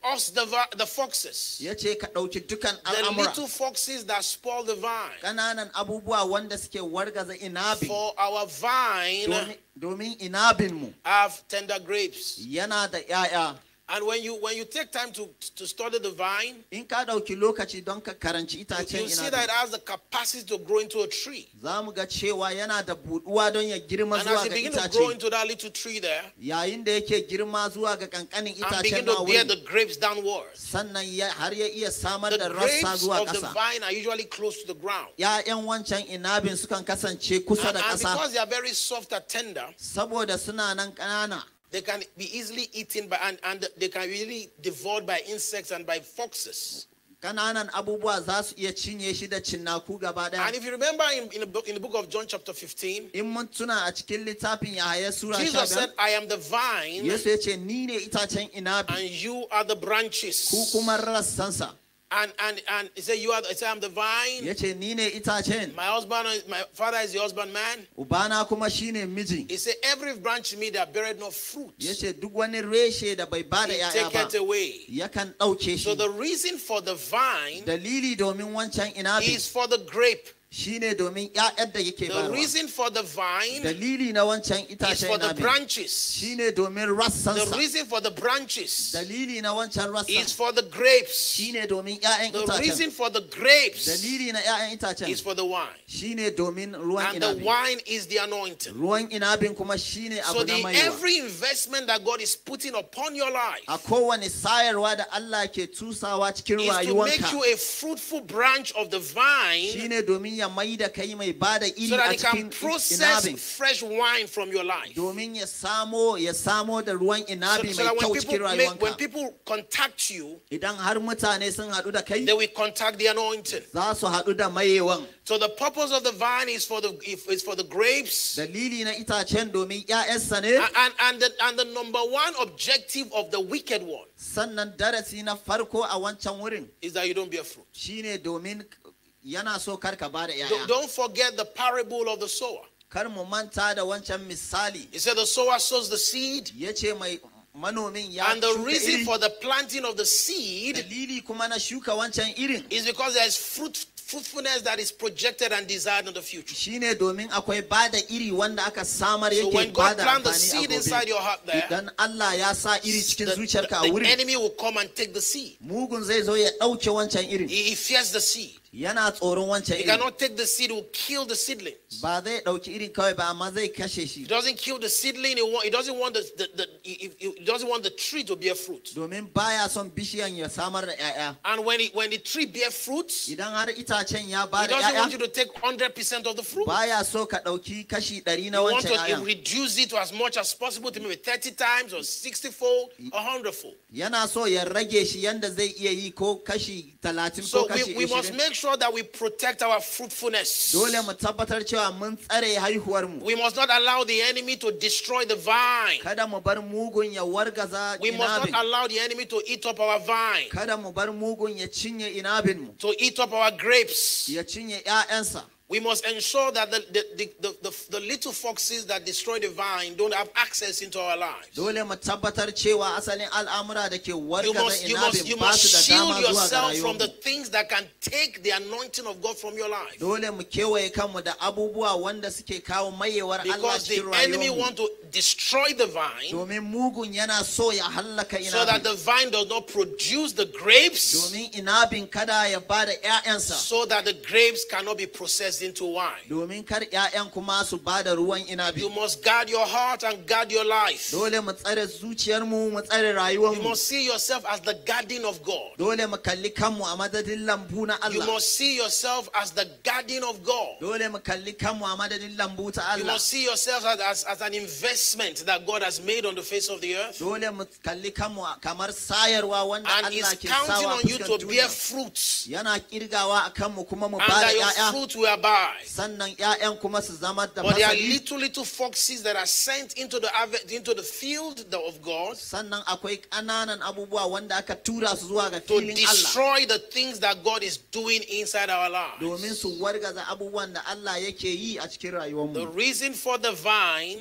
us the, the foxes. The little foxes that spoil the vine. For our vine. Have tender grapes. And when you when you take time to to study the vine, in You see that it has the capacity to grow into a tree. And as it begins to grow into that little tree there. Yayin da And begin to bear the grapes downwards. ya ya kasa. The grapes of the vine are usually close to the ground. And because they are very soft and tender. They can be easily eaten by and, and they can really devoured by insects and by foxes. Kananan abubuwa za su iya cinye shi da cinnaku gaba daya. And if you remember in, the book, of John chapter 15, in mun tuna a cikin littafin Yahaya sura Jesus said, I am the vine. Yesu yace ni ne itacen inabi. And you are the branches. Ku kuma rassansa. And and and he said, You are he said, I'm the vine. My husband my father is the man Ubana kuma shine He said, Every branch in me that beareth no fruit. Yace duk reshe da bai bada ya'ya Take it away. Yakan So the reason for the vine. one domin wancan inabi. Is for the grape. The reason for the vine is for the branches. The reason for the branches is for the grapes. The reason for the grapes is for the wine. And the wine is the anointing. So every investment that God is putting upon your life is to make you a fruitful branch of the vine ya maida kai mai bada iri a cikin inabin fresh wine from your life domin ya samo ya samo da ruwan inabi mai kyau cikin rayuwanka when people contact you idan har mutane sun hadu da kai they will contact the anointing za su hadu da mayewan so the purpose of the vine is for the for the grapes dalili na itacen domin ƴaƴansa ne and and the, and the number one objective of the wicked one sannan darasi na farko a wancan wurin is that you don't bear fruit shine domin yana so kar ka bada yaya don't forget the parable of the sower kar mu manta da wancan misali he said the sower sows the seed yace mai manomin ya and the reason for the planting of the seed dalili kuma na shuka wancan irin is because there is fruit fruitfulness that is projected and desired in the future. Shine domin akwai bada iri wanda aka samar yake bada So when God plant the seed inside your heart there, idan Allah ya sa iri cikin zuciyarka a The enemy will come and take the seed. Mugun He fears the seed yana tsoron wancan He cannot take the seed, he will kill the seedlings. Ba zai ɗauki irin kawai ba amma zai kashe shi. He doesn't kill the seedling, he, doesn't want the, the, the doesn't want the tree to bear fruit. And when the tree bears fruit, idan doesn't want you to take 100% of the fruit. Baya so ka wants to reduce it to as much as possible to maybe 30 times or 60 fold or 100 fold. so 30 we must make sure sure that we protect our fruitfulness. We must not allow the enemy to destroy the vine. We must not allow the enemy to eat up our vine. To eat up our grapes. We must ensure that the, the, the, the, the little foxes that destroy the vine don't have access into our lives. You must, you must, you must shield yourself from the things that can take the anointing of God from your life. Because the enemy wants to destroy the vine so that the vine does not produce the grapes so that the grapes cannot be processed into wine. You must guard your heart and guard your life. You must see yourself as the guardian of God. You must see yourself as the guardian of God. You must see yourself as, as, as an investment that God has made on the face of the earth. And He's counting on you to bear fruits. And that your fruit will abide die. But there are little little foxes that are sent into the into the field of God. To destroy the things that God is doing inside our lives. The reason for the vine.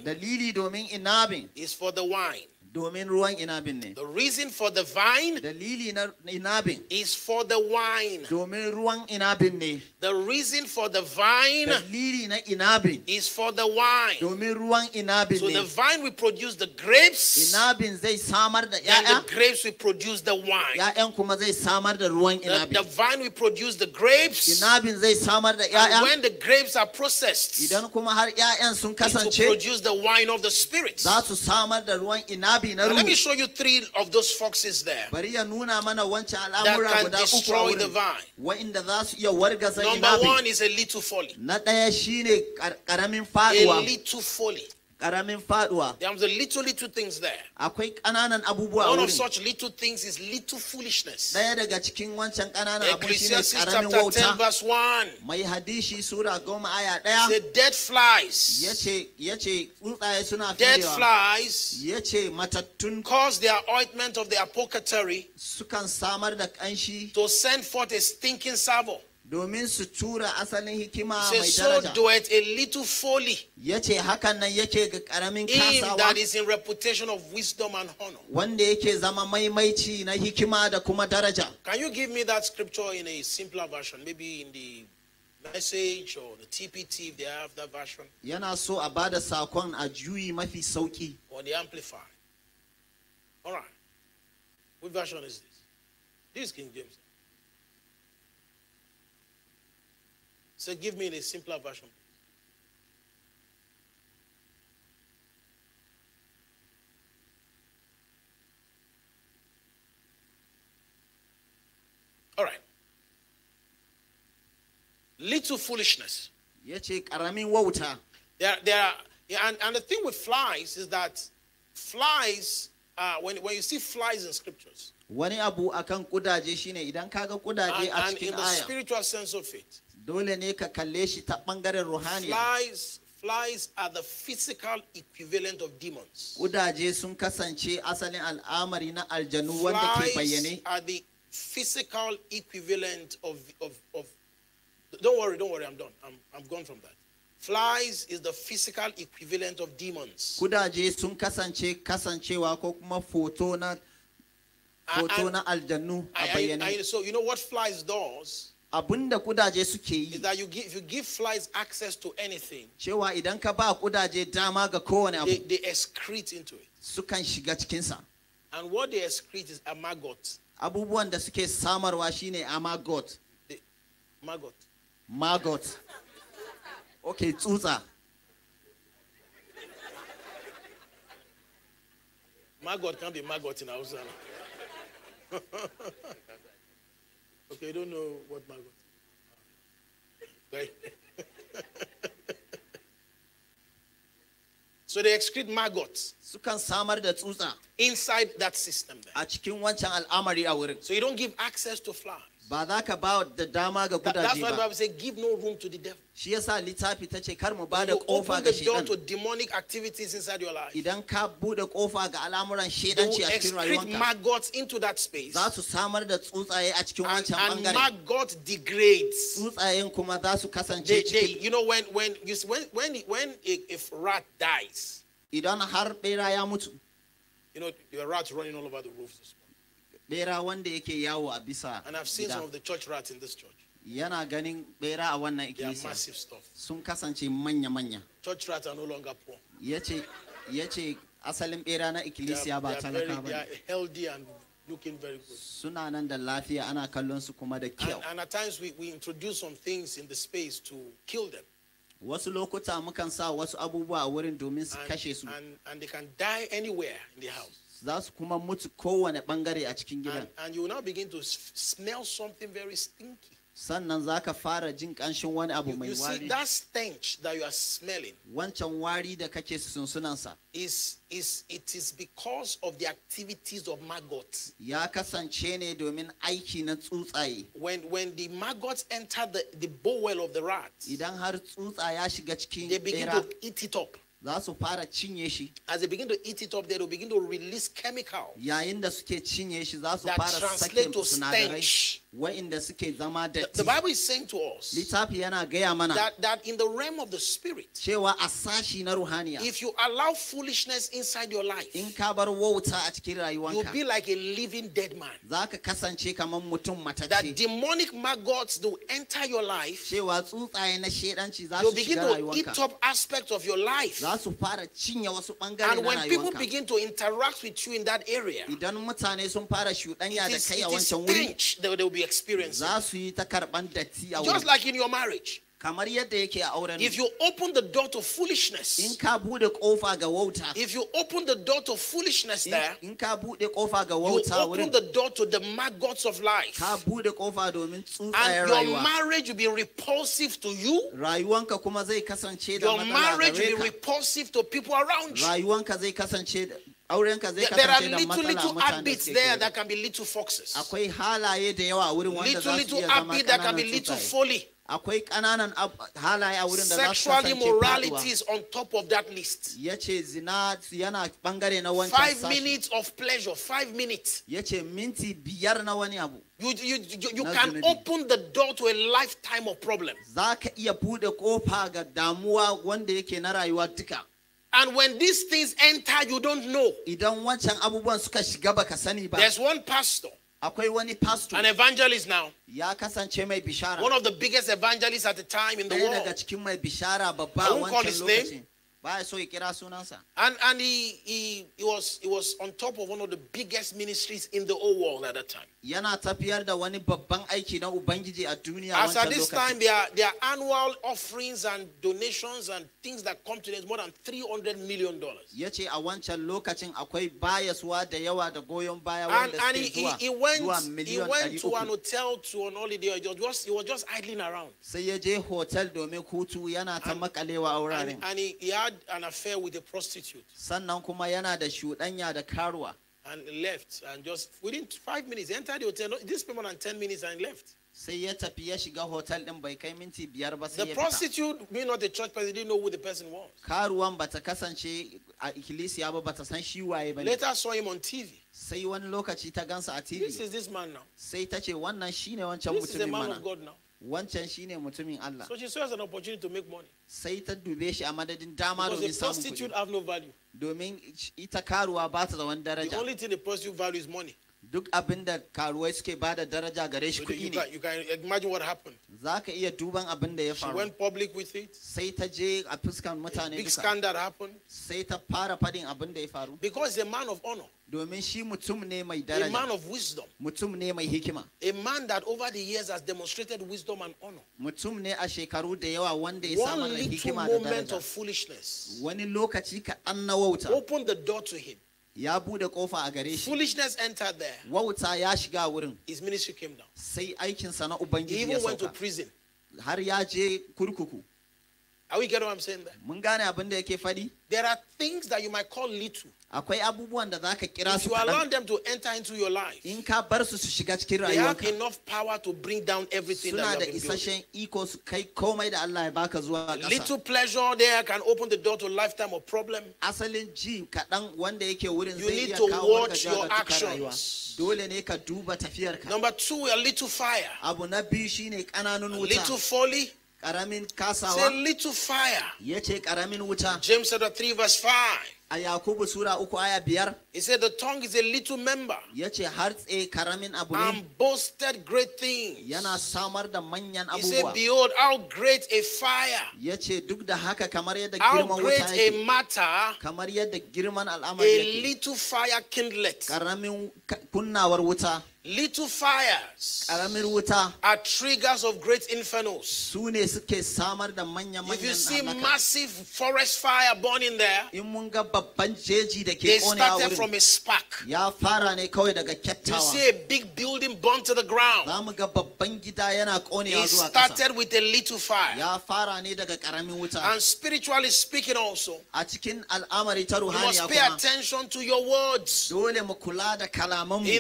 Is for the wine. Domin ruwan inabin ne. The reason for the vine Dalili na inabin is for the wine. Domin ruwan inabin ne. The reason for the vine Dalili na inabin is for the wine. Domin ruwan inabin ne. So the vine will produce the grapes. Inabin zai samar da ya. And the grapes will produce the wine. Ya'yan kuma zai samar da ruwan inabin. The vine will produce the grapes. Inabin zai samar da ya. when the grapes are processed. Idan kuma har ya'yan sun kasance. It will produce the wine of the spirit. Za su samar da ruwan inabin let me show you three of those foxes there. that can destroy the vine. Number one is a little folly. A little folly. karamin faduwa there are little little things there akwai kananan abubuwa one of such little things is little foolishness daya daga cikin wancan kananan abubuwa shine karamin wauta 10 verse mai hadishi sura goma aya daya the dead flies yace yace tsuntsaye suna dead flies yace matattun cause the ointment of the apothecary sukan samar da kanshi to send forth a stinking savour domin su tura asalin hikima mai daraja. So do it a little folly. Yace hakan nan yake ga karamin kasawa. In that is in reputation of wisdom and honor. Wanda yake zama maimaici na hikima da kuma daraja. Can you give me that scripture in a simpler version, maybe in the message or the TPT if they have that version? Yana so a bada sakon a juyi mafi sauki. Or the amplifier. All right. what version is this? This King James. So give me a simpler version. All right. Little foolishness. There, there are, and, and the thing with flies is that flies, uh, when, when you see flies in scriptures, wani abu idan and in the spiritual sense of it Dole ne ka kalle shi ta ɓangaren ruhaniya. Flies, flies are the physical equivalent of demons. Kudaje sun kasance asalin al'amari na aljanu wanda ke bayyane. Flies are the physical equivalent of, of, of don't worry, don't worry, I'm done. I'm, I'm gone from that. Flies is the physical equivalent of demons. Kudaje sun kasance kasancewa ko kuma foto na foto na aljanu a bayyane. So you know what flies does? abinda kudaje suke yi that you give, you give flies access to anything cewa idan ka ba kudaje dama ga kowane abu they, excrete into it sukan shiga cikin sa and what they excrete is a maggot abubuwan da suke samarwa shine a maggot the, maggot maggot okay tsutsa maggot can be maggot in Hausa Okay, you don't know what maggot. Right? so they excrete maggots. Sukan samar da tsutsa. Inside that system. There. A So you don't give access to flies ba za ka ba da dama ga Bible says, give no room to the devil shi yasa littafi ta ce kar mu ba da kofa ga door to demonic activities inside your life idan ka bude kofa ga al'amuran shedanci a cikin rayuwarka maggots into that space za su samar da tsuntsaye a cikin wancan bangare and maggot degrades tsuntsayen kuma za su kasance cikin you know when when you when when, when if rat dies idan har bera ya mutu you know the rats running all over the roofs bera wanda yake yawo a bisa and i've seen some of the church rats in this church yana ganin bera a wannan ikkilisiya sun kasance manya-manya church rats are no longer poor yace yace asalin bera na ikkilisiya ba talaka ba looking very good suna nan da lafiya ana kallon su kuma da kyau and at times we, we introduce some things in the space to kill them wasu lokuta mukan sa wasu abubuwa a wurin domin su kashe su and they can die anywhere in the house za su kuma mutu kowane bangare a cikin gidan. And you will now begin to smell something very stinky. Sannan za ka fara jin ƙanshin wani abu mai wari. You see that stench that you are smelling. Wancan wari da kake sunsunansa. Is is it is because of the activities of maggots. Ya kasance ne domin aiki na tsutsaye. When when the maggots enter the the bowel of the rat. Idan har tsutsa ya shiga cikin They begin to eat it up. za su fara cinye shi as they begin to eat it up they will begin to release chemical yayin da suke cinye shi za su fara sakin sinadarai wa'inda the bible is saying to us that, that in the realm of the spirit if you allow foolishness inside your life you'll be like a living dead man that demonic maggots do enter your life you'll begin to eat up aspects of your life and when people begin to interact with you in that area idan mutane sun fara shudanya da kai they will be be experiencing. Just like in your marriage. If you open the door to foolishness, if you open the door to foolishness there, you open the door to the mad gods of life. And your marriage will be repulsive to you. Your marriage will be repulsive to people around you. There, are little little habits there that can be little foxes. Little little habit that can be little folly. Sexual immorality is on top of that list. Five minutes of pleasure, five minutes. You, you, you, you can open the door to a lifetime of problems. And when these things enter, you don't know. There's one pastor. An evangelist now. One of the biggest evangelists at the time in the world. I won't call his name. And and he, he he was he was on top of one of the biggest ministries in the whole world at that time. As at this time, their their annual offerings and donations and things that come to them is more than three hundred million dollars. And, and he, he, he went he went to an hotel to an holiday. He was just, he was just idling around. And, and he, he had had an affair with a prostitute. Sannan kuma yana da shuɗanya da karuwa. And left and just within five minutes entered the hotel. This more and ten minutes and left. Sai ya tafi ya shiga hotel din bai kai minti biyar ba sai The prostitute, being not the church person, didn't know who the person was. Karuwan bata kasance a ikkilisiya ba bata san shi waye ba. Later saw him on TV. Sai wani lokaci ta gansa a TV. This is this man now. Sai ta ce wannan shine wancan mutumin mana. This is the man of God now wancan shine mutumin Allah so she saw as an opportunity to make money sai ta dube shi a madadin dama domin samun kuɗi prostitute have no value domin ita karuwa ba ta da wani daraja the only thing a prostitute value is money duk abin da karuwai suke ba da daraja gare shi kuɗi ne. You can imagine what happened. Za ka iya duban abin da ya faru. She went public with it. Sai ta je a fuskan mutane Big scandal happened. Sai ta fara faɗin abin da ya faru. Because a man of honor. Domin shi mutum ne mai daraja. A man of wisdom. Mutum ne mai hikima. A man that over the years has demonstrated wisdom and honor. Mutum ne a shekaru da yawa wanda ya samu hikima da daraja. One little moment of foolishness. Wani lokaci na wauta. Open the door to him. ya bude kofa a gare shi foolishness entered there wauta ya shiga wurin his ministry came down sai aikin sa na ubangiji ya sauka prison har ya kurkuku are we getting what i'm saying there mun gane abin da yake fadi there are things that you might call little akwai abubuwan da za ka kira su in ka bar su su shiga cikin rayuwarka suna da isasshen iko su kai komai da Allah ya baka zuwa ƙasa little pleasure there can open the door to lifetime of problem asalin ji kaɗan wanda yake wurin zai iya kawo ka your actions dole ne ka duba tafiyarka number two a little fire abu na biyu shine ƙananun wuta little folly ƙaramin kasawa say little fire ƙaramin wuta James chapter 3 verse 5 a Yakubu sura uku aya biyar. He said the tongue is a little member. Ya ce hartse karamin abu ne. And boasted great things. Yana samar da manyan abubuwa. He said behold how great a fire. Ya ce duk da haka kamar yadda girman wuta yake. How great a matter. Kamar yadda girman al'amari yake. A little fire kindled. Karamin kunnawar wuta. Little fires are triggers of great infernos. If you see massive forest fire burning there, they started from a spark. You see a big building burned to the ground. It started with a little fire. And spiritually speaking, also, you must pay attention to your words. In,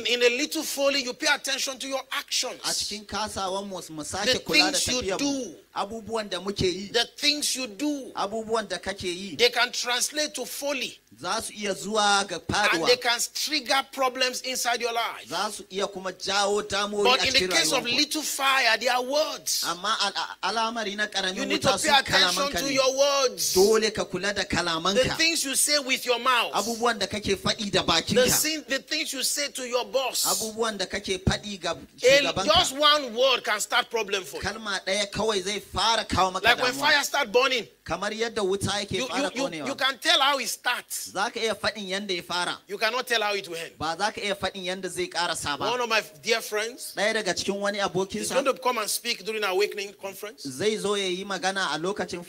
in a little fire, slowly you pay attention to your actions. The things you do, The things you do. They can translate to folly. And they can trigger problems inside your life. But in the case of little fire they are words. You need to pay attention to your words. The things you say with your mouth. Abubuwan da The things you say to your boss da kake faɗi ga shugaban just one word can start problem for you kalma ɗaya kawai zai fara kawo maka like when fire start burning kamar yadda wuta yake fara konewa you can tell how it starts zaka iya faɗin yanda ya fara you cannot tell how it will end ba zaka iya faɗin yanda zai ba one of my dear friends ɗaya daga cikin wani abokin sa going to come and speak during our awakening conference zai zo ya yi magana a lokacin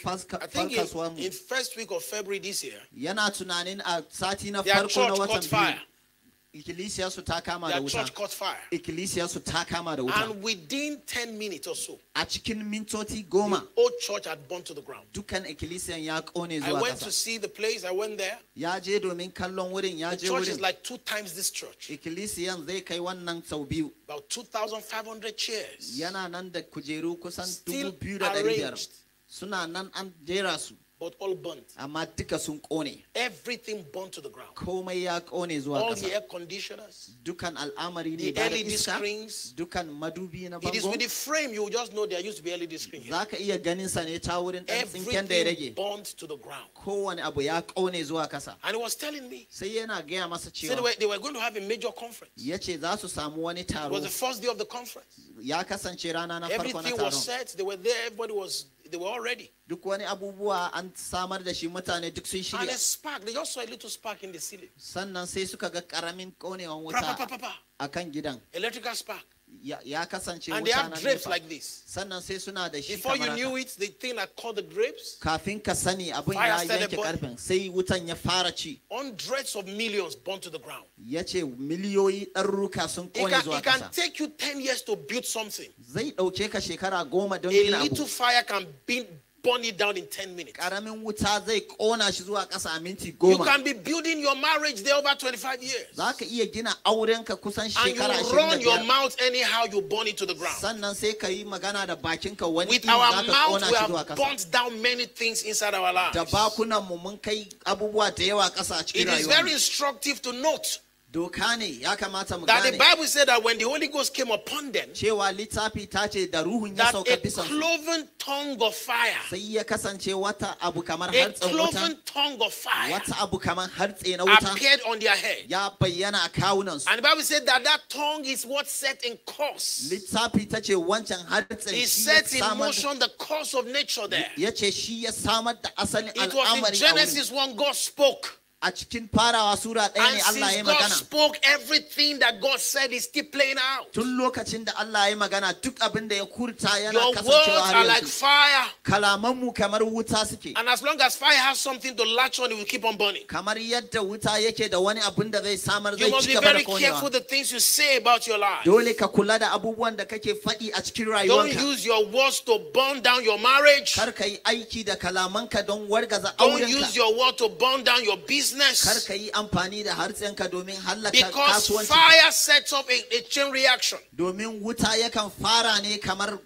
in first week of February this year yana tunanin a sati na farko na watan biyu Ikilisiyarsu Their church caught fire. And within 10 minutes or so. A The old church had burned to the ground. I went to see the place. I went there. The church is like two times this church. About 2,500 chairs. Yana Still arranged. Suna nan jera su but all burnt. Everything burnt to the ground. ya All the air conditioners. the LED screens. It is with the frame you just know there used to be LED screen. Everything burnt to the ground. And he was telling me. Sai yana gaya they were going to have a major conference. It was the first day of the conference. Ya Everything was set. They were there. Everybody was they were all ready. Duk wani abubuwa an samar da shi mutane duk sun shirya. And a spark, they just saw a little spark in the ceiling. Sannan sai suka ga karamin konewan wuta a kan gidan. Electrical spark. ya and they have grapes like this before you knew it the thing that call the grapes kafin ka hundreds of millions burned to the ground yace miliyoyi it can take you 10 years to build something goma a little fire can burn it down in 10 minutes. You can be building your marriage there over 25 years. And you run your mouth anyhow, you burn it to the ground. With our mouth, we have burnt down many things inside our lives. It is very instructive to note ya kamata mu That the Bible said that when the Holy Ghost came upon them, cewa littafi ta ce da ruhun ya sauka su. cloven tongue of fire. Sai ya kasance wata abu kamar wuta. A cloven tongue of fire. Wata abu kamar hartse na wuta. Appeared on their head. Ya bayyana a kawunan su. And the Bible said that that tongue is what set in course. Littafi ta ce wancan It set in motion the course of nature there. Ya shi ya samar da asalin al'amari. It was in Genesis when God spoke a cikin farawa sura ɗaya ne Allah ya magana. spoke everything that God said is still playing out. Tun lokacin da Allah ya magana duk abin da ya kurta yana kasancewa har yanzu. Your words are like fire. Kalaman kamar wuta suke. And as long as fire has something to latch on, it will keep on burning. Kamar yadda wuta yake da wani abin da zai samar zai ci gaba da konewa. You must be very careful the things you say about your life. Dole ka kula da abubuwan da kake faɗi a cikin rayuwarka. Don't use your words to burn down your marriage. Kar ka yi aiki da kalamanka don wargaza aurenka. Don't use your words to burn down your business. business. Kar ka yi amfani da hartsenka domin hallaka kasuwanci. Because fire sets up a, a chain reaction. Domin wuta yakan fara ne kamar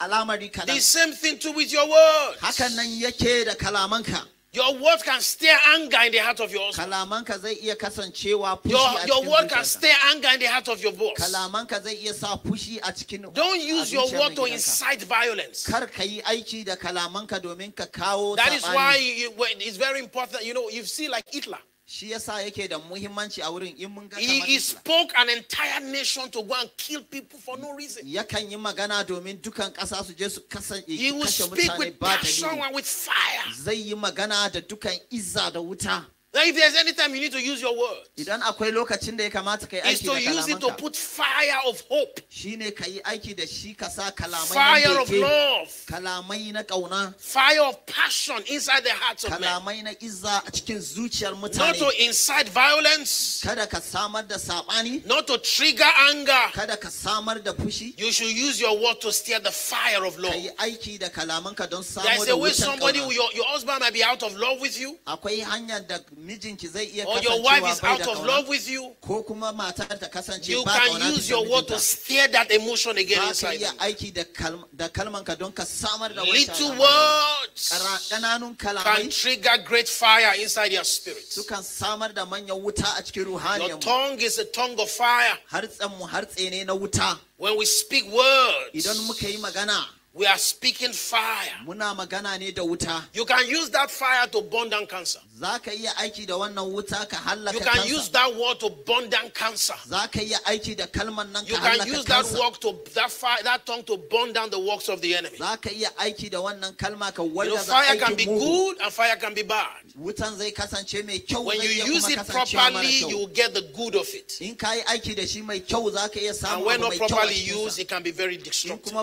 alamari kadan. The same thing too with your words. Hakan nan yake da kalamanka. Your words can stir anger in the heart of your husband. your, your word can stir anger in the heart of your boss. Don't use your word to incite violence. That is why it's very important. You know, you see like Hitler. Shi yasa yake da muhimmanci a wurin in mun ga He, he spoke an entire nation to go and kill people for no reason. Yakan yi magana domin dukan kasa su je su kasance kashe mutane ba dalili. He speak with with fire. Zai yi magana da dukan izza da wuta. If there's any time you need to use your words, idan to use it to put fire of hope. Fire of love. Fire of passion inside the hearts of men. Not to incite violence. Not to trigger anger. You should use your word to steer the fire of love. There's a way somebody your, your husband might be out of love with you mijinki zai iya or your wife is out of love with you ko kuma matar ta kasance you can use your word to stir that emotion again inside you aiki da kalman ka don ka samar da little words kananun kalamai can trigger great fire inside your spirit sukan samar da manya wuta a cikin ruhaniyar your tongue is a tongue of fire har tsamu har tsene na wuta when we speak words idan muka yi magana we are speaking fire. You can use that fire to burn down cancer. You can use that word to burn down cancer. You can use that word to that fire that tongue to burn down the works of the enemy. you know, fire can be good and fire can be bad. When you use it properly you will get the good of it. And when not properly used it can be very destructive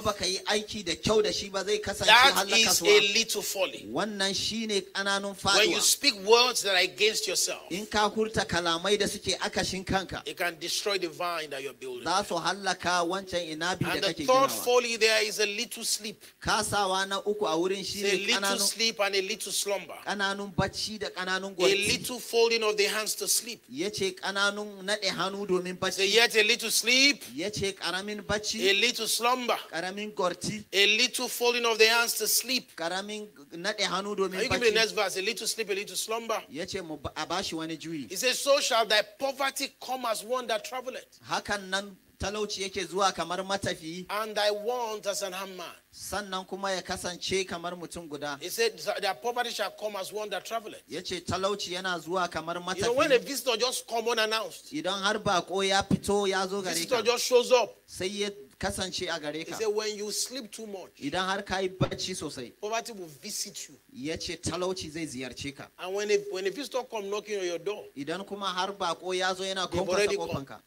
kyau da shi ba zai kasance That is a little folly. ƙananun faduwa. When you speak words that are against yourself. In ka hurta kalamai da suke akashin kanka. It can destroy the vine that you're building. Za su hallaka wancan inabi da kake ginawa. And the folly there is a little sleep. Kasawa na uku a wurin shine ƙananun. little sleep and a little slumber. Ƙananun bacci da ƙananun gwarci. A little folding of the hands to sleep. ƙananun naɗe hannu domin bacci. Yet a little sleep. ƙaramin bacci. A little slumber. Ƙaramin gwarci. a little falling of the hands to sleep. Karamin nade hannu domin bacci. You give me the next verse, a little sleep, a little slumber. Yace mu a bashi wani juyi. He says, so shall thy poverty come as one that traveleth. Hakan nan talauci yake zuwa kamar matafi. And thy want as an hammer. Sannan kuma ya kasance kamar mutum guda. He said thy poverty shall come as one that traveleth. Ya ce talauci yana zuwa kamar matafi. You know when a visitor just come unannounced. Idan har bako ya fito ya zo gare ka. Visitor just shows up. Sai ya kasance a gare ka. He said, when you sleep too much, idan har ka yi bacci sosai, poverty will visit you. Ya ce talauci zai ziyarce ka. And when a, when a visitor come knocking on your door, idan kuma har bako ya zo yana kwankwasa kofanka.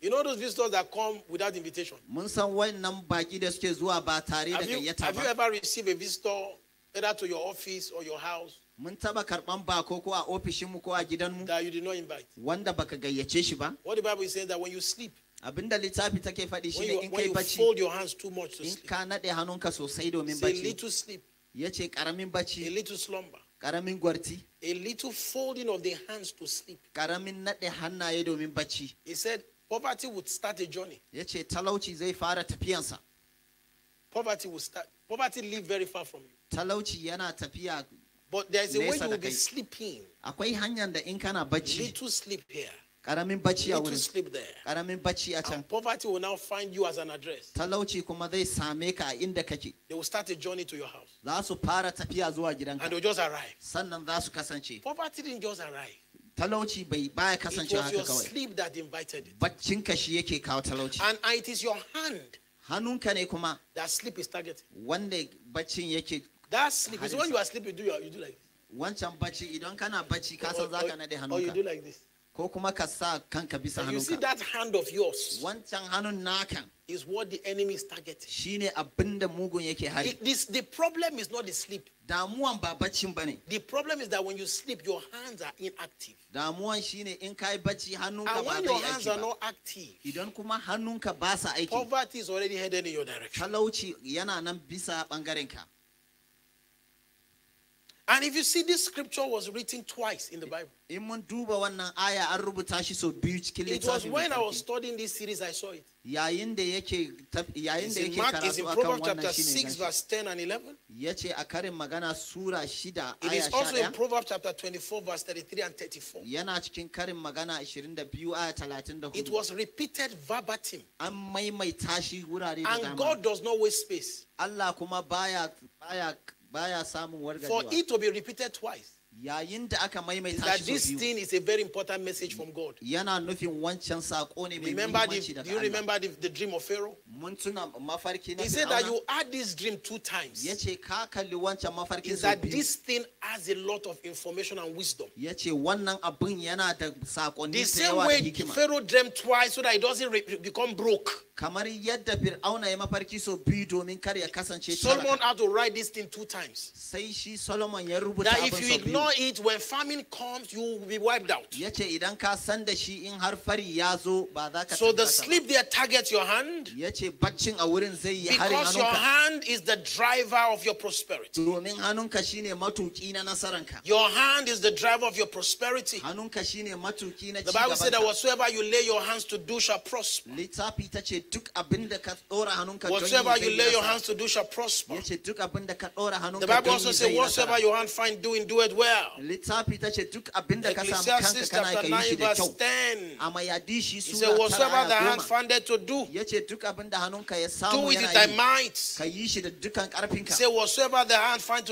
You know those visitors that come without invitation? Mun san wannan baki da suke zuwa ba tare da gayyata ba. Have you ever received a visitor either to your office or your house? Mun taba karban bako ko a ofishinmu ko a gidanmu. That you did not invite. Wanda baka gayyace shi ba. What the Bible is saying that when you sleep abinda littafi take faɗi shine in kai bacci in ka naɗe hannunka sosai domin bacci ya ce ƙaramin bacci ƙaramin gwarti ƙaramin naɗe hannaye domin bacci Poverty would start a journey. Ya ce talauci zai fara tafiyansa. Poverty will start. Poverty live very far from you. Talauci yana tafiya. But there is a way you will be sleeping. Akwai hanyar da in kana bacci. Little sleep here. You need to sleep there. And poverty will now find you as an address. They will start a journey to your house. And they'll just arrive. Poverty didn't just arrive. talauci bai baya kasancewa haka kawai baccinka shi yake kawo talauci and it is your hand hannunka ne kuma that sleep is targeted wanda baccin yake that sleep is when you are sleeping you do your, you do like wancan bacci idan kana bacci ka san zaka nade hannunka Oh, you do like this you see that hand of yours wancan hannun naka is what the enemy is targeting shine this the problem is not the sleep the problem is that when you sleep your hands are inactive and when your hands are not active poverty is already heading in your direction and if you see, this scripture was written twice in the Bible. It was when I was studying this series, I saw it. It's in Mark is in Proverbs chapter 6, verse 10 and 11. It is also in Proverbs chapter 24, verse 33 and 34. It was repeated verbatim. And God does not waste space. For it to be repeated twice yayin da aka maimaita shi this thing is a very important message from God. Yana nufin wancan sako ne mai Do you remember the, the dream of Pharaoh? Mun tuna mafarki na He said that you had this dream two times. Yace ka kalli wancan mafarkin Is that this thing has a lot of information and wisdom. Yace wannan abin yana da sakonni da yawa da hikima. The same way Pharaoh dreamt twice so that he doesn't become broke. kamar yadda fir'auna ya mafarki so biyu domin kar ya kasance Solomon had to write this thing two times. Sai shi Solomon ya rubuta abin so biyu. That if you ignore know it when famine comes you will be wiped out. So the sleep there targets your hand. Because your hand is the driver of your prosperity. Your hand is the driver of your prosperity. The Bible said that whatsoever you lay your hands to do shall prosper. Whatsoever you lay your hands to do shall prosper. The Bible also says whatsoever your hand find doing do it well littafi ta ce duk abin da ka samu kanka kana ka yi shi da kyau a mayadi shi sura tara aya goma ya ce duk abin da hannunka ya samu yana yi ka yi shi da dukkan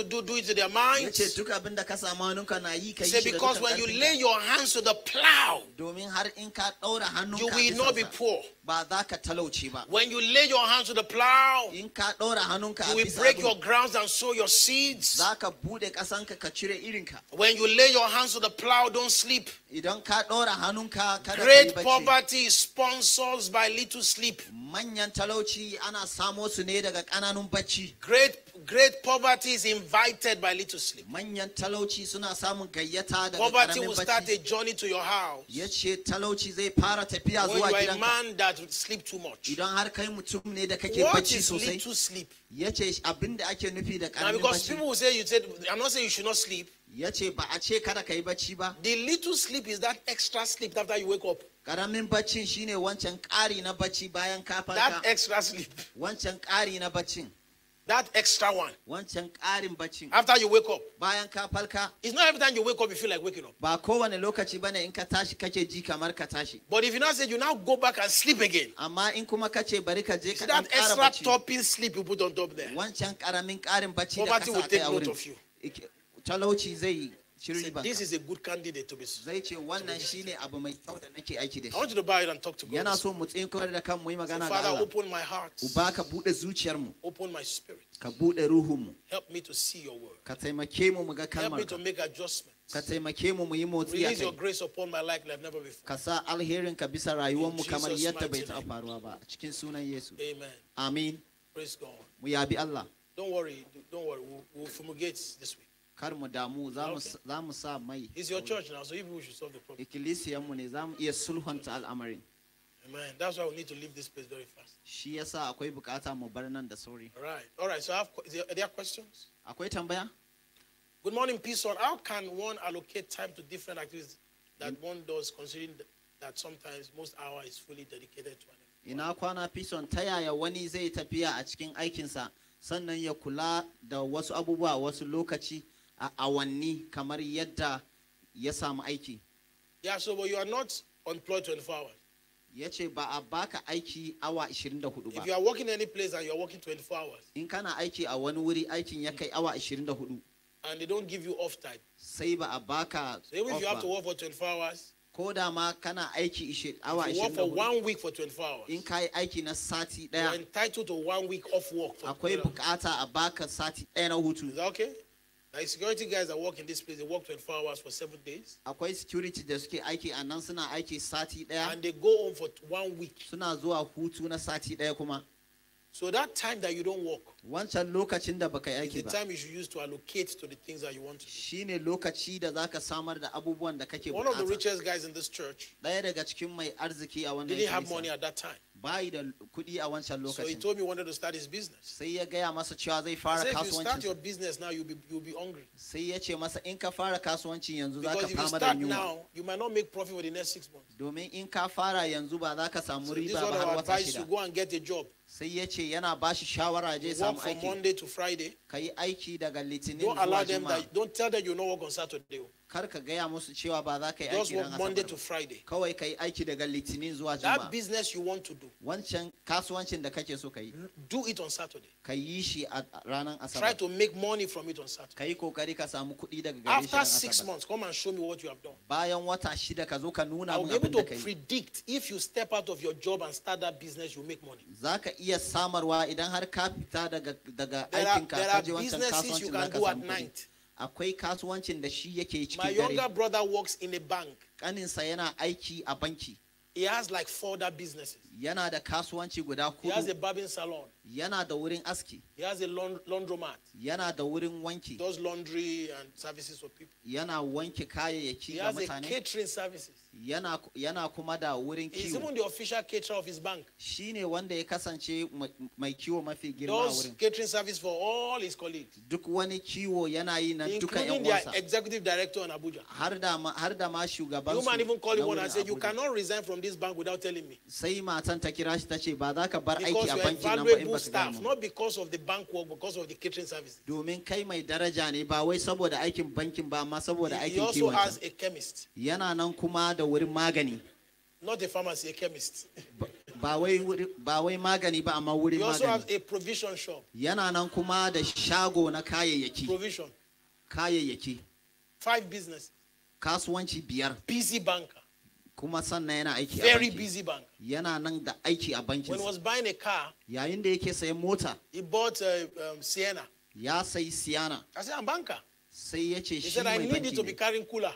to ya ce duk abin da ka samu hannunka na yi ka yi shi da dukkan karfinka domin har in ka ɗaura when you lay your hands to the plow you will break your grounds and sow your seeds za when you lay your hands on the plow, don't sleep. Great poverty sponsors by little sleep. Great great poverty is invited by little sleep. Poverty will start a journey to your house. When you are a man that would sleep too much. What is little sleep? Now because people will say you said I'm not saying you should not sleep ya ce ba a ce kada ka yi bacci ba the little sleep is that extra sleep after you wake up karamin baccin shine wancan ƙari na bacci bayan ka farka that extra sleep wancan ƙari na baccin that extra one wancan ƙarin baccin after you wake up bayan ka farka it's not every time you wake up you feel like waking up ba kowane lokaci bane in ka tashi kake ji kamar ka tashi but if you now say you now go back and sleep again amma in kuma kace bari ka je ka ƙara bacci that extra topping sleep you put on top there wancan karamin ƙarin bacci da ka sa a wurin will take note of you talauci zai shiri this is a good candidate to be zai ce wannan shine abu mai kyau da nake aiki da shi I want to buy and talk to God yana so mu tsinkar da kan mu yi magana da Allah Father open my heart uba ka bude zuciyar mu open my spirit ka bude ruhun mu help me to see your word ka taimake mu mu ga kalmar help me to make adjustments. ka taimake mu mu yi motsi a kai ka sa alherin ka bisa rayuwar mu kamar yadda bai taɓa faruwa ba cikin sunan Yesu amen mu yabi Allah don't worry don't worry we'll, we'll fumigate this week kar damu za sa mai is your church now so even we should solve the problem ikilisiyar mu ne za mu iya sulhunta al'amarin Amen. That's why we need to leave this place very fast. Shi yasa akwai bukata mu bar nan da sauri. Right. All right. So I have, are there questions? Akwai tambaya? Good morning, peace on. How can one allocate time to different activities that mm. one does, considering that sometimes most hour is fully dedicated to an Ina kwana peace on ta yaya wani zai tafiya a cikin aikinsa sannan ya kula da wasu abubuwa wasu lokaci a awanni kamar yadda ya samu aiki. Yeah, so but you are not employed 24 hours. ya ce ba a baka aiki awa 24 ba. If you are working any place and you are working 24 hours. In kana aiki a wani wuri aikin ya kai awa 24. And they don't give you off time. Sai ba a baka So even if you have to work for 24 hours. Ko da ma kana aiki ishe awa 24. You work for one week for 24 hours. In kai aiki na sati daya. You're entitled to one week off work. Akwai bukata a baka sati daya na hutu. Is that okay? The security guys that work in this place, they work 24 hours for seven days. Akwai security da suke aiki a nan suna aiki sati ɗaya. And they go home for one week. Suna zuwa hutu na sati ɗaya kuma. So that time that you don't work. Wancan lokacin da baka aiki ba. The time you should use to allocate to the things that you want to do. Shine lokaci da zaka samar da abubuwan da kake bukata. One of the richest guys in this church. Ɗaya daga cikin mai arziki a wannan. Didn't have money at that time. bayi da kuɗi a wancan lokacin. So he told me he wanted to start his business. Sai ya gaya masa cewa zai fara kasuwanci. If you start your business now, you'll be you'll be hungry. Sai ya ce masa in ka fara kasuwanci yanzu za ka fama da yunwa. Because if you start now, you might not make profit for the next six months. Domin in ka fara yanzu ba za ka samu riba ba har wata shida. this is what advise you go and get a job. sai ya ce yana ba shi shawara je samu aiki ka yi aiki daga litinin zuwa juma'a don't tell them you work on saturday kar ka gaya musu cewa ba za ka yi aiki ran Monday to Friday kawai ka yi aiki daga litinin zuwa juma'a that business you want to do wancan kasuwancin da kake so ka yi do it on Saturday ka yi shi a ranar asabar try to make money from it on Saturday ka yi kokari ka samu kuɗi daga gare shi after six months come and show me what you have done bayan wata shida ka zo ka nuna mun abin da kai predict if you step out of your job and start that business you make money zaka iya samarwa idan har ka fita daga daga aikinka ka je wancan kasuwancin da ka samu kuɗi akwai kasuwancin da shi yake cikin dare my younger brother works in a bank kaninsa yana aiki a banki he has like four other businesses yana da kasuwanci guda hudu he has a barbing salon Yana da wurin aski. He has a laundromat. Yana da wurin wanki. Does laundry and services for people. Yana wanke kayayyaki ga mutane. He has a catering services. Yana yana kuma da wurin kiwo. He's even the official caterer of his bank. Shine wanda ya kasance mai kiwo mafi girma wurin. Does catering service for all his colleagues. Duk wani kiwo yana yi na duka yan wasa. Including their executive director in Abuja. Har da ma har da ma shugaban su. You even call him one and say you cannot resign from this bank without telling me. Sai matan ta kira shi ta ba za ka bar aiki a bankin nan ba of staff, not because of the bank work, because of the catering service. Domin kai mai daraja ne ba wai saboda aikin bankin ba, amma saboda aikin kiwon. He also has a chemist. Yana nan kuma da wurin magani. Not a pharmacy, a chemist. ba wai magani ba amma wurin magani. He also has a provision shop. Yana nan kuma da shago na kayayyaki. Provision. Kayayyaki. Five business. Kasuwanci biyar. Busy bank. kuma sannan yana aiki very busy bank yana nan da aiki a bankin when was buying a car yayin da yake sayan mota he bought uh, um, Sienna ya sayi Sienna I said I'm banker sai yace ce shi mai banki ne to be carrying cooler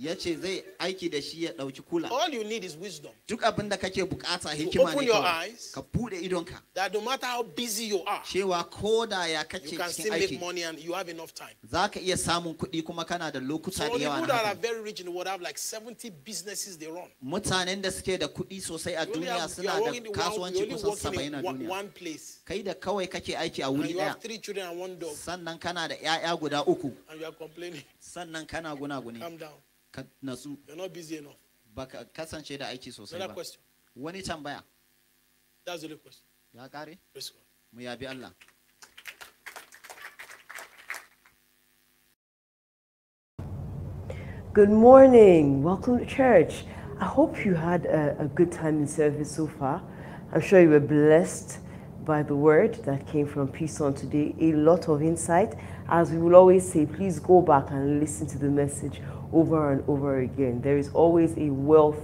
ya ce zai aiki da shi ya ɗauki kula. All you need is wisdom. Duk abin da kake bukata hikima ne kawai. Ka bude idonka. That no matter how busy you are. Cewa ko da ya kace cikin aiki. You can still make money and you have enough time. Za ka iya samun kuɗi kuma kana da lokuta da yawa. So people that are very rich in the world have like 70 businesses they run. Mutanen da suke da kuɗi sosai a duniya suna da kasuwanci kusan 70 a duniya. Kai da kawai kake aiki a wuri ɗaya. Sannan kana da 'ya'ya guda uku. Sannan kana gunaguni. Calm down. you're not busy enough baka kasance da aiki sosai ba wani tambaya that's the question ya kare mu yabi Allah Good morning. Welcome to church. I hope you had a, a, good time in service so far. I'm sure you were blessed by the word that came from Peace on today. A lot of insight. As we will always say, please go back and listen to the message over and over again. There is always a wealth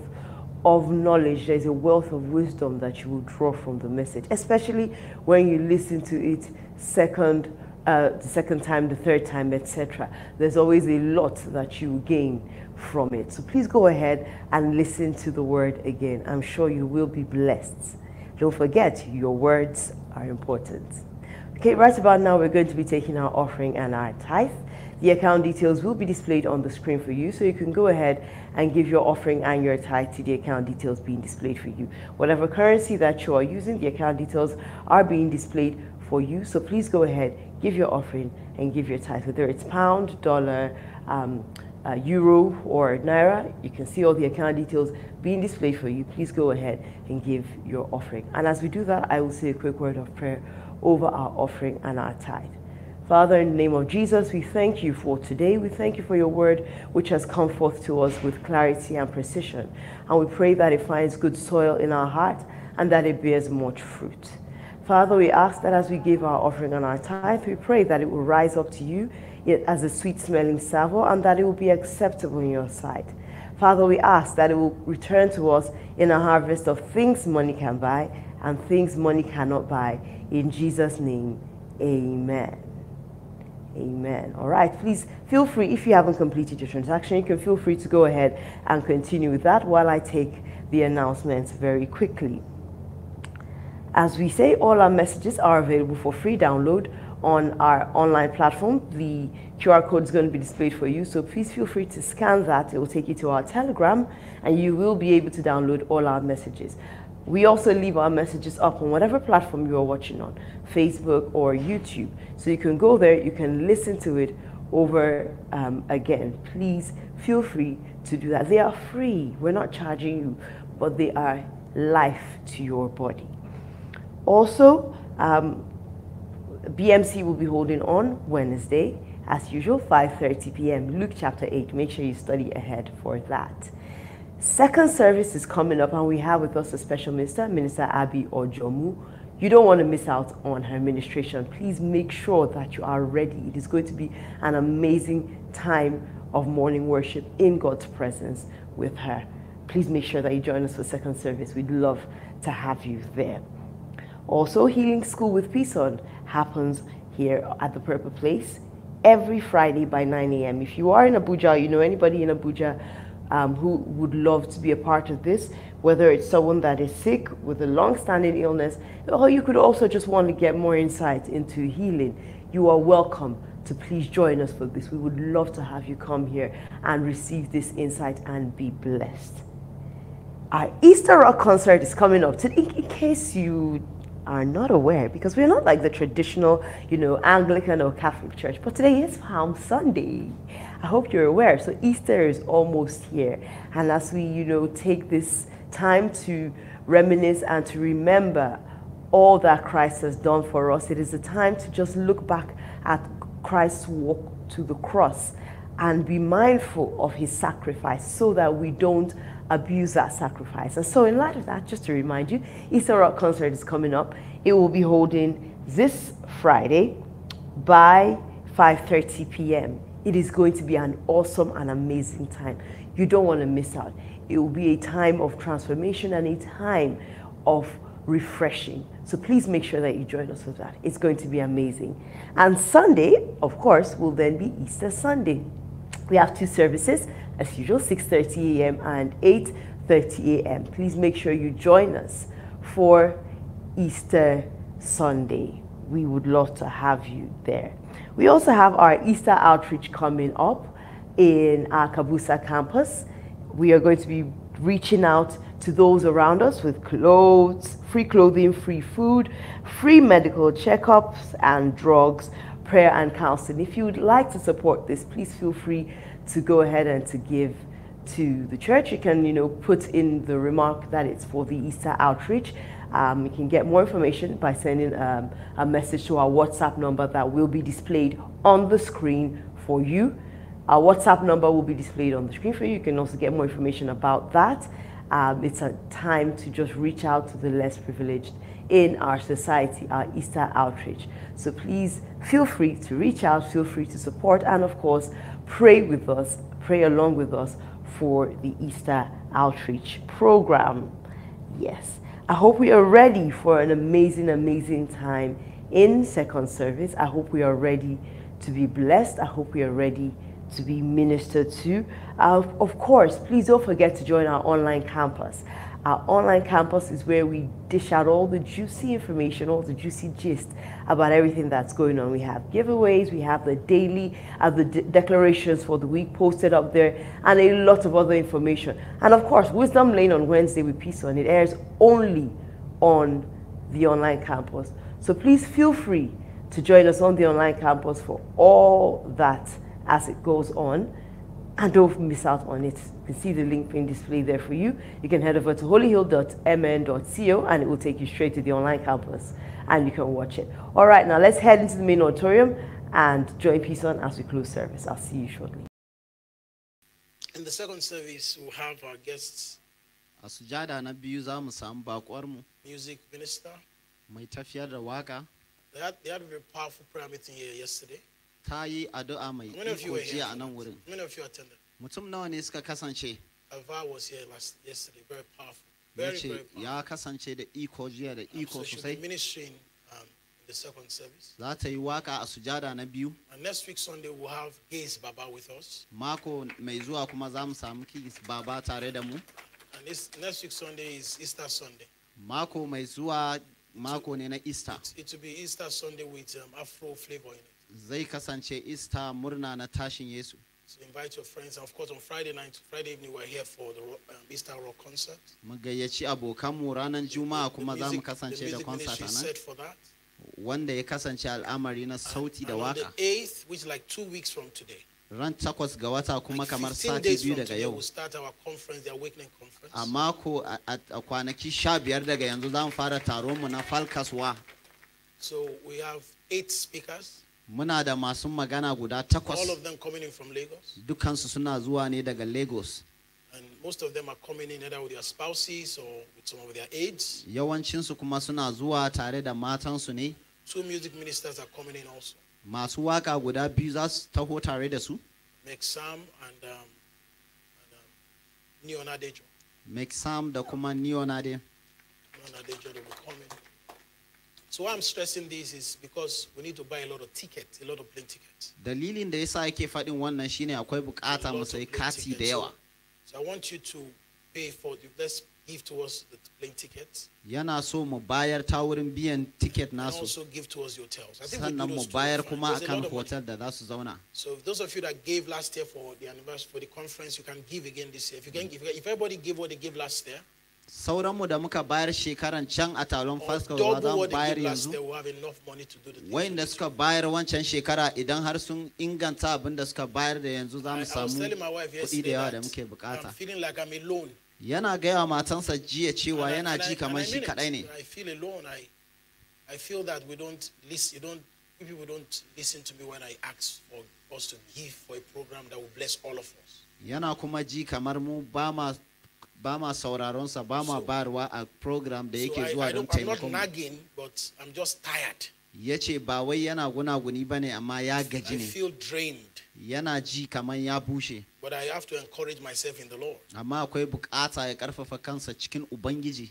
of knowledge, there's a wealth of wisdom that you will draw from the message, especially when you listen to it second, uh, the second time, the third time, etc. There's always a lot that you gain from it. So please go ahead and listen to the word again. I'm sure you will be blessed. Don't forget, your words are important. Okay, right about now, we're going to be taking our offering and our tithe. The account details will be displayed on the screen for you, so you can go ahead and give your offering and your tithe to the account details being displayed for you. Whatever currency that you are using, the account details are being displayed for you, so please go ahead, give your offering and give your tithe, whether it's pound, dollar, um, uh, euro or naira. You can see all the account details being displayed for you. Please go ahead and give your offering. And as we do that, I will say a quick word of prayer over our offering and our tithe. Father, in the name of Jesus, we thank you for today. We thank you for your word, which has come forth to us with clarity and precision. And we pray that it finds good soil in our heart and that it bears much fruit. Father, we ask that as we give our offering and our tithe, we pray that it will rise up to you as a sweet smelling savour and that it will be acceptable in your sight. Father, we ask that it will return to us in a harvest of things money can buy and things money cannot buy. In Jesus' name, amen. Amen. All right, please feel free, if you haven't completed your transaction, you can feel free to go ahead and continue with that while I take the announcements very quickly. As we say, all our messages are available for free download on our online platform. The QR code is going to be displayed for you, so please feel free to scan that. It will take you to our Telegram, and you will be able to download all our messages. We also leave our messages up on whatever platform you are watching on, Facebook or YouTube. So you can go there, you can listen to it over um, again. Please feel free to do that. They are free, we're not charging you, but they are life to your body. Also, um, BMC will be holding on Wednesday, as usual, 5.30 p.m., Luke chapter 8. Make sure you study ahead for that. Second service is coming up, and we have with us a special minister, Minister Abby Ojomu. You don't want to miss out on her ministration. Please make sure that you are ready. It is going to be an amazing time of morning worship in God's presence with her. Please make sure that you join us for second service. We'd love to have you there. Also, Healing School with Peace On happens here at the Purple Place every Friday by 9 a.m. If you are in Abuja, you know anybody in Abuja um, who would love to be a part of this, whether it's someone that is sick with a long-standing illness, or you could also just want to get more insight into healing. You are welcome to please join us for this. We would love to have you come here and receive this insight and be blessed. Our Easter Rock concert is coming up. in, in case you are not aware, because we're not like the traditional, you know, Anglican or Catholic church, but today is Palm Sunday. I hope you're aware. So Easter is almost here. And as we, you know, take this time to reminisce and to remember all that Christ has done for us, it is a time to just look back at Christ's walk to the cross and be mindful of his sacrifice so that we don't abuse that sacrifice. And so, in light of that, just to remind you, Easter Rock Concert is coming up. It will be holding this Friday by 5:30 p.m. It is going to be an awesome and amazing time. You don't want to miss out. It will be a time of transformation and a time of refreshing. So please make sure that you join us for that. It's going to be amazing. And Sunday, of course, will then be Easter Sunday. We have two services as usual, 6:30 a.m. and 8:30 a.m. Please make sure you join us for Easter Sunday. We would love to have you there. We also have our Easter outreach coming up in our Kabusa campus. We are going to be reaching out to those around us with clothes, free clothing, free food, free medical checkups and drugs, prayer and counseling. If you would like to support this, please feel free to go ahead and to give to the church. You can, you know, put in the remark that it's for the Easter outreach. Um, you can get more information by sending um, a message to our WhatsApp number that will be displayed on the screen for you. Our WhatsApp number will be displayed on the screen for you. You can also get more information about that. Um, it's a time to just reach out to the less privileged in our society, our Easter outreach. So please feel free to reach out, feel free to support, and of course, pray with us, pray along with us for the Easter Outreach Program. Yes, I hope we are ready for an amazing, amazing time in Second Service. I hope we are ready to be blessed. I hope we are ready to be ministered to. Uh, of course, please don't forget to join our online campus. Our online campus is where we dish out all the juicy information, all the juicy gist about everything that's going on. We have giveaways, we have the daily, have uh, the de declarations for the week posted up there, and a lot of other information. And of course, Wisdom Lane on Wednesday with Peace on it airs only on the online campus. So please feel free to join us on the online campus for all that as it goes on. And don't miss out on it. You can see the link being displayed there for you. You can head over to holyhill.mn.co and it will take you straight to the online campus and you can watch it. All right, now let's head into the main auditorium and join peace on as we close service. I'll see you shortly. In the second service, we'll have our guests. Asujada sujada na biyu za Music minister. Mai tafiyar da waka. They had, they had a very powerful prayer meeting here yesterday. Ta ado addu'a mai iko Many of you attended. Mutum nawa ne suka kasance? Ava was here last, yesterday, very powerful. ya ce ya kasance da iko jiya da iko sosai um, za ta yi waka a sujada na biyu mako mai zuwa kuma za mu samu kigis baba tare da mu mako mai zuwa mako ne na easter zai kasance easter murna na tashin yesu So invite your friends. And of course, on Friday night, Friday evening, we're here for the um, Easter Rock concert. The, the, abokanmu ranar Juma'a kuma za mu kasance da concert nan. Wanda ya kasance al'amari na sauti da waka. Ran takwas ga wata kuma kamar sati biyu daga yau. A mako a kwanaki sha biyar daga yanzu za mu fara taron mu na Falkaswa. So we have eight speakers. muna da masu magana guda takwas dukansu suna zuwa ne daga lagos Yawancinsu kuma suna zuwa tare da matansu ne. Masu waka guda biyu za su taho tare da su. Make um, um, Sam da kuma Neonade. Neonadejo will be coming. So why I'm stressing this is because we need to buy a lot of tickets, a lot of plane tickets. Dalilin da yasa ake faɗin wannan shine akwai bukata mu sai kati da yawa. So I want you to pay for the let's give towards the plane tickets. Yana so mu bayar ta wurin biyan ticket nasu. also give towards the hotels. I think Sannan mu bayar kuma akan hotel da zauna. So if those of you that gave last year for the anniversary for the conference you can give again this year. If you can give, if everybody give what they gave last year. sauranmu da muka bayar shekaran can a taron ba za mu bayar yanzu wayan da suka bayar wancan shekara idan har sun inganta abin da suka bayar da yanzu za mu samu kuɗi da yawa da muke bukata yana gaya matansa jiya cewa yana ji kamar shi kaɗai ne Yana kuma ji kamar mu ba ma ba ma sauraron sa ba ma bayarwa a program da yake zuwa don taimakon ya ce ba wai yana gunaguni ba ne amma ya gaji ne yana ji kamar ya bushe amma akwai bukata ya karfafa kansa cikin ubangiji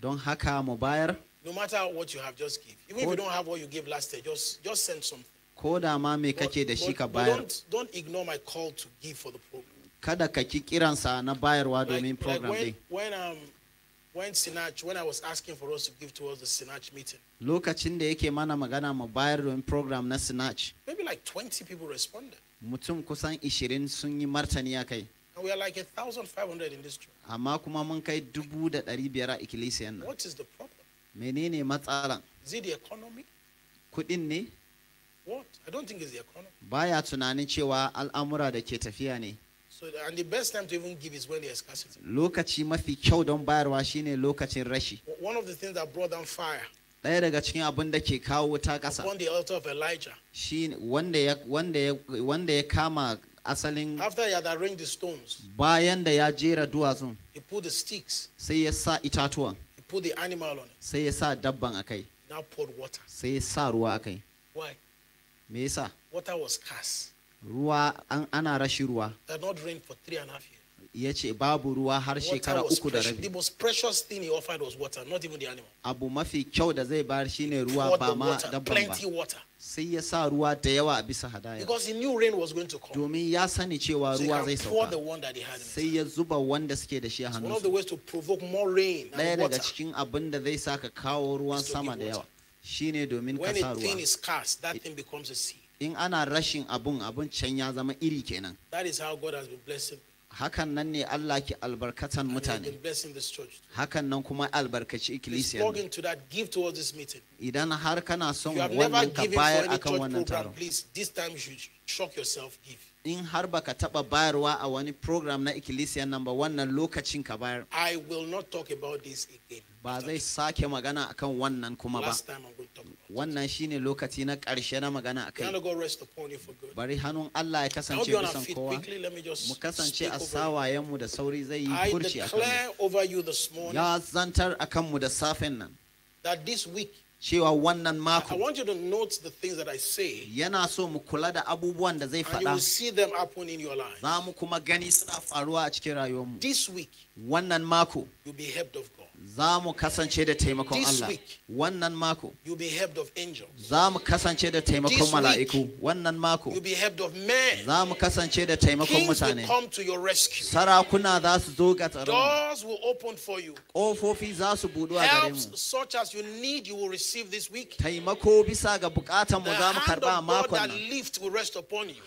don haka mu bayar no matter what you have just give even if you don't have what you gave last year just just send something ko da ma me kake da shi ka bayar don't ignore my call to give for the program kada ka ki kiransa na bayarwa domin program din um, when Sinach, when I was asking for us to give towards the Sinach meeting. Lokacin da yake mana magana mu bayar domin program na Sinach. Maybe like 20 people responded. Mutum kusan 20 sun yi martani a kai. And we are like 1,500 in this church. Amma kuma mun kai 1,500 a ikkilisiyan nan. What is the problem? Menene matsalan? Is it the economy? Kudin ne? What? I don't think it's the economy. Baya tunanin cewa al'amura da ke tafiya ne. So the, and the best time to Lokaci mafi kyau don bayarwa shine lokacin rashi. One of the things Ɗaya daga cikin abin da ke kawo ta ƙasa. the Shi wanda ya kama asalin. After he had stones. Bayan da ya jera duwatsun. He Sai ya sa itatuwan. He put the Sai ya sa dabban akai. Now Sai ya sa ruwa akai. Why? Me yasa? Water was ruwa ana rashin ruwa ya ce babu ruwa har shekara uku da rabi abu mafi kyau da zai bar shi ne ruwa ba ma dabban ba sai ya sa ruwa da yawa a bisa hadaya domin ya sani cewa ruwa zai sauka sai ya zuba wanda suke da shi a hannu Daya daga cikin abin da zai sa ka kawo ruwan sama da yawa shine domin ka sa ruwa in ana rashin abun abun can ya zama iri kenan that is how god has been blessing hakan nan ne Allah ke albarkatan mutane hakan nan kuma albarkaci ikkilisiya idan har kana son wannan ka bayar akan wannan taron in har baka taba bayarwa a wani program na ikkilisiya nan ba wannan lokacin ka bayar ba zai sake magana akan wannan kuma ba wannan shine lokaci na ƙarshe na magana a kai bari hannun Allah ya kasance kusan kowa mu kasance a sawayenmu da sauri zai yi a akan ya zantar akan mu da safen nan cewa wannan mako yana so mu kula da abubuwan da zai faɗa za mu kuma gani suna faruwa a cikin rayuwarmu wannan mako za mu kasance da taimakon Allah wannan mako za mu kasance da taimakon mala'iku wannan mako za mu kasance da taimakon mutane sarakuna za su zo ga tsaron ƙofofi za su budu a gare mu taimako bisa ga bukatan mu za mu karba makon nan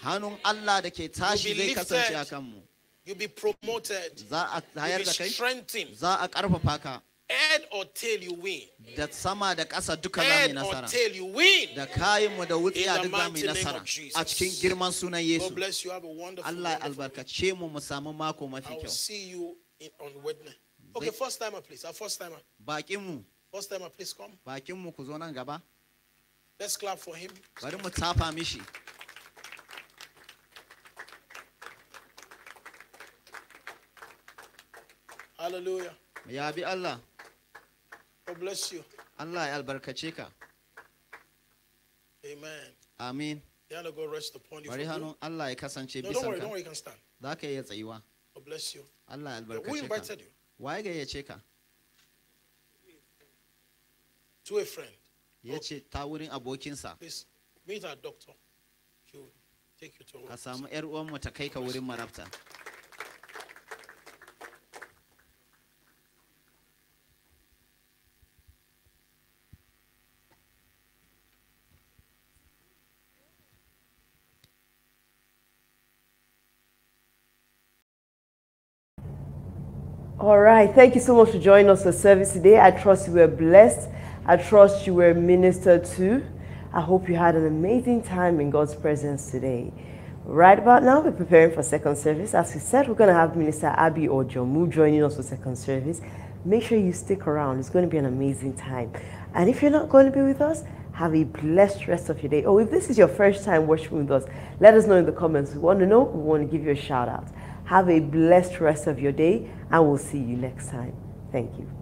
hannun Allah da ke tashi zai kasance a kanmu You'll be promoted. You'll be strengthened. Head or tail you win. Head or tail you win. In the mu da wutsiya duk God bless you. Have a wonderful day. ya albarkace I'll see you in, on Wednesday. Okay, first timer please. Our first timer. First timer please come. Bakin mu ku zo Let's clap for him. Bari mu Hallelujah. Ya bi Allah. God bless you. Allah ya albarkace ka. Amen. Amin. Yana go rest upon you. Bari hanu Allah ya kasance bisa ka. No, don't worry, don't worry, you can stand. Za ka iya tsayuwa. God bless you. Allah ya albarkace ka. Who invited you? Waye gayyace ka? To a friend. Ya ce oh. ta wurin abokinsa. Please, meet our doctor. She will take you to. Ka samu 'yar uwanmu ta kai ka wurin marabta. All right. Thank you so much for joining us for service today. I trust you were blessed. I trust you were ministered to. I hope you had an amazing time in God's presence today. Right about now, we're preparing for second service. As we said, we're going to have Minister Abby Ojomu joining us for second service. Make sure you stick around. It's going to be an amazing time. And if you're not going to be with us, have a blessed rest of your day. Oh, if this is your first time worshiping with us, let us know in the comments. We want to know. We want to give you a shout out. Have a blessed rest of your day, and we'll see you next time. Thank you.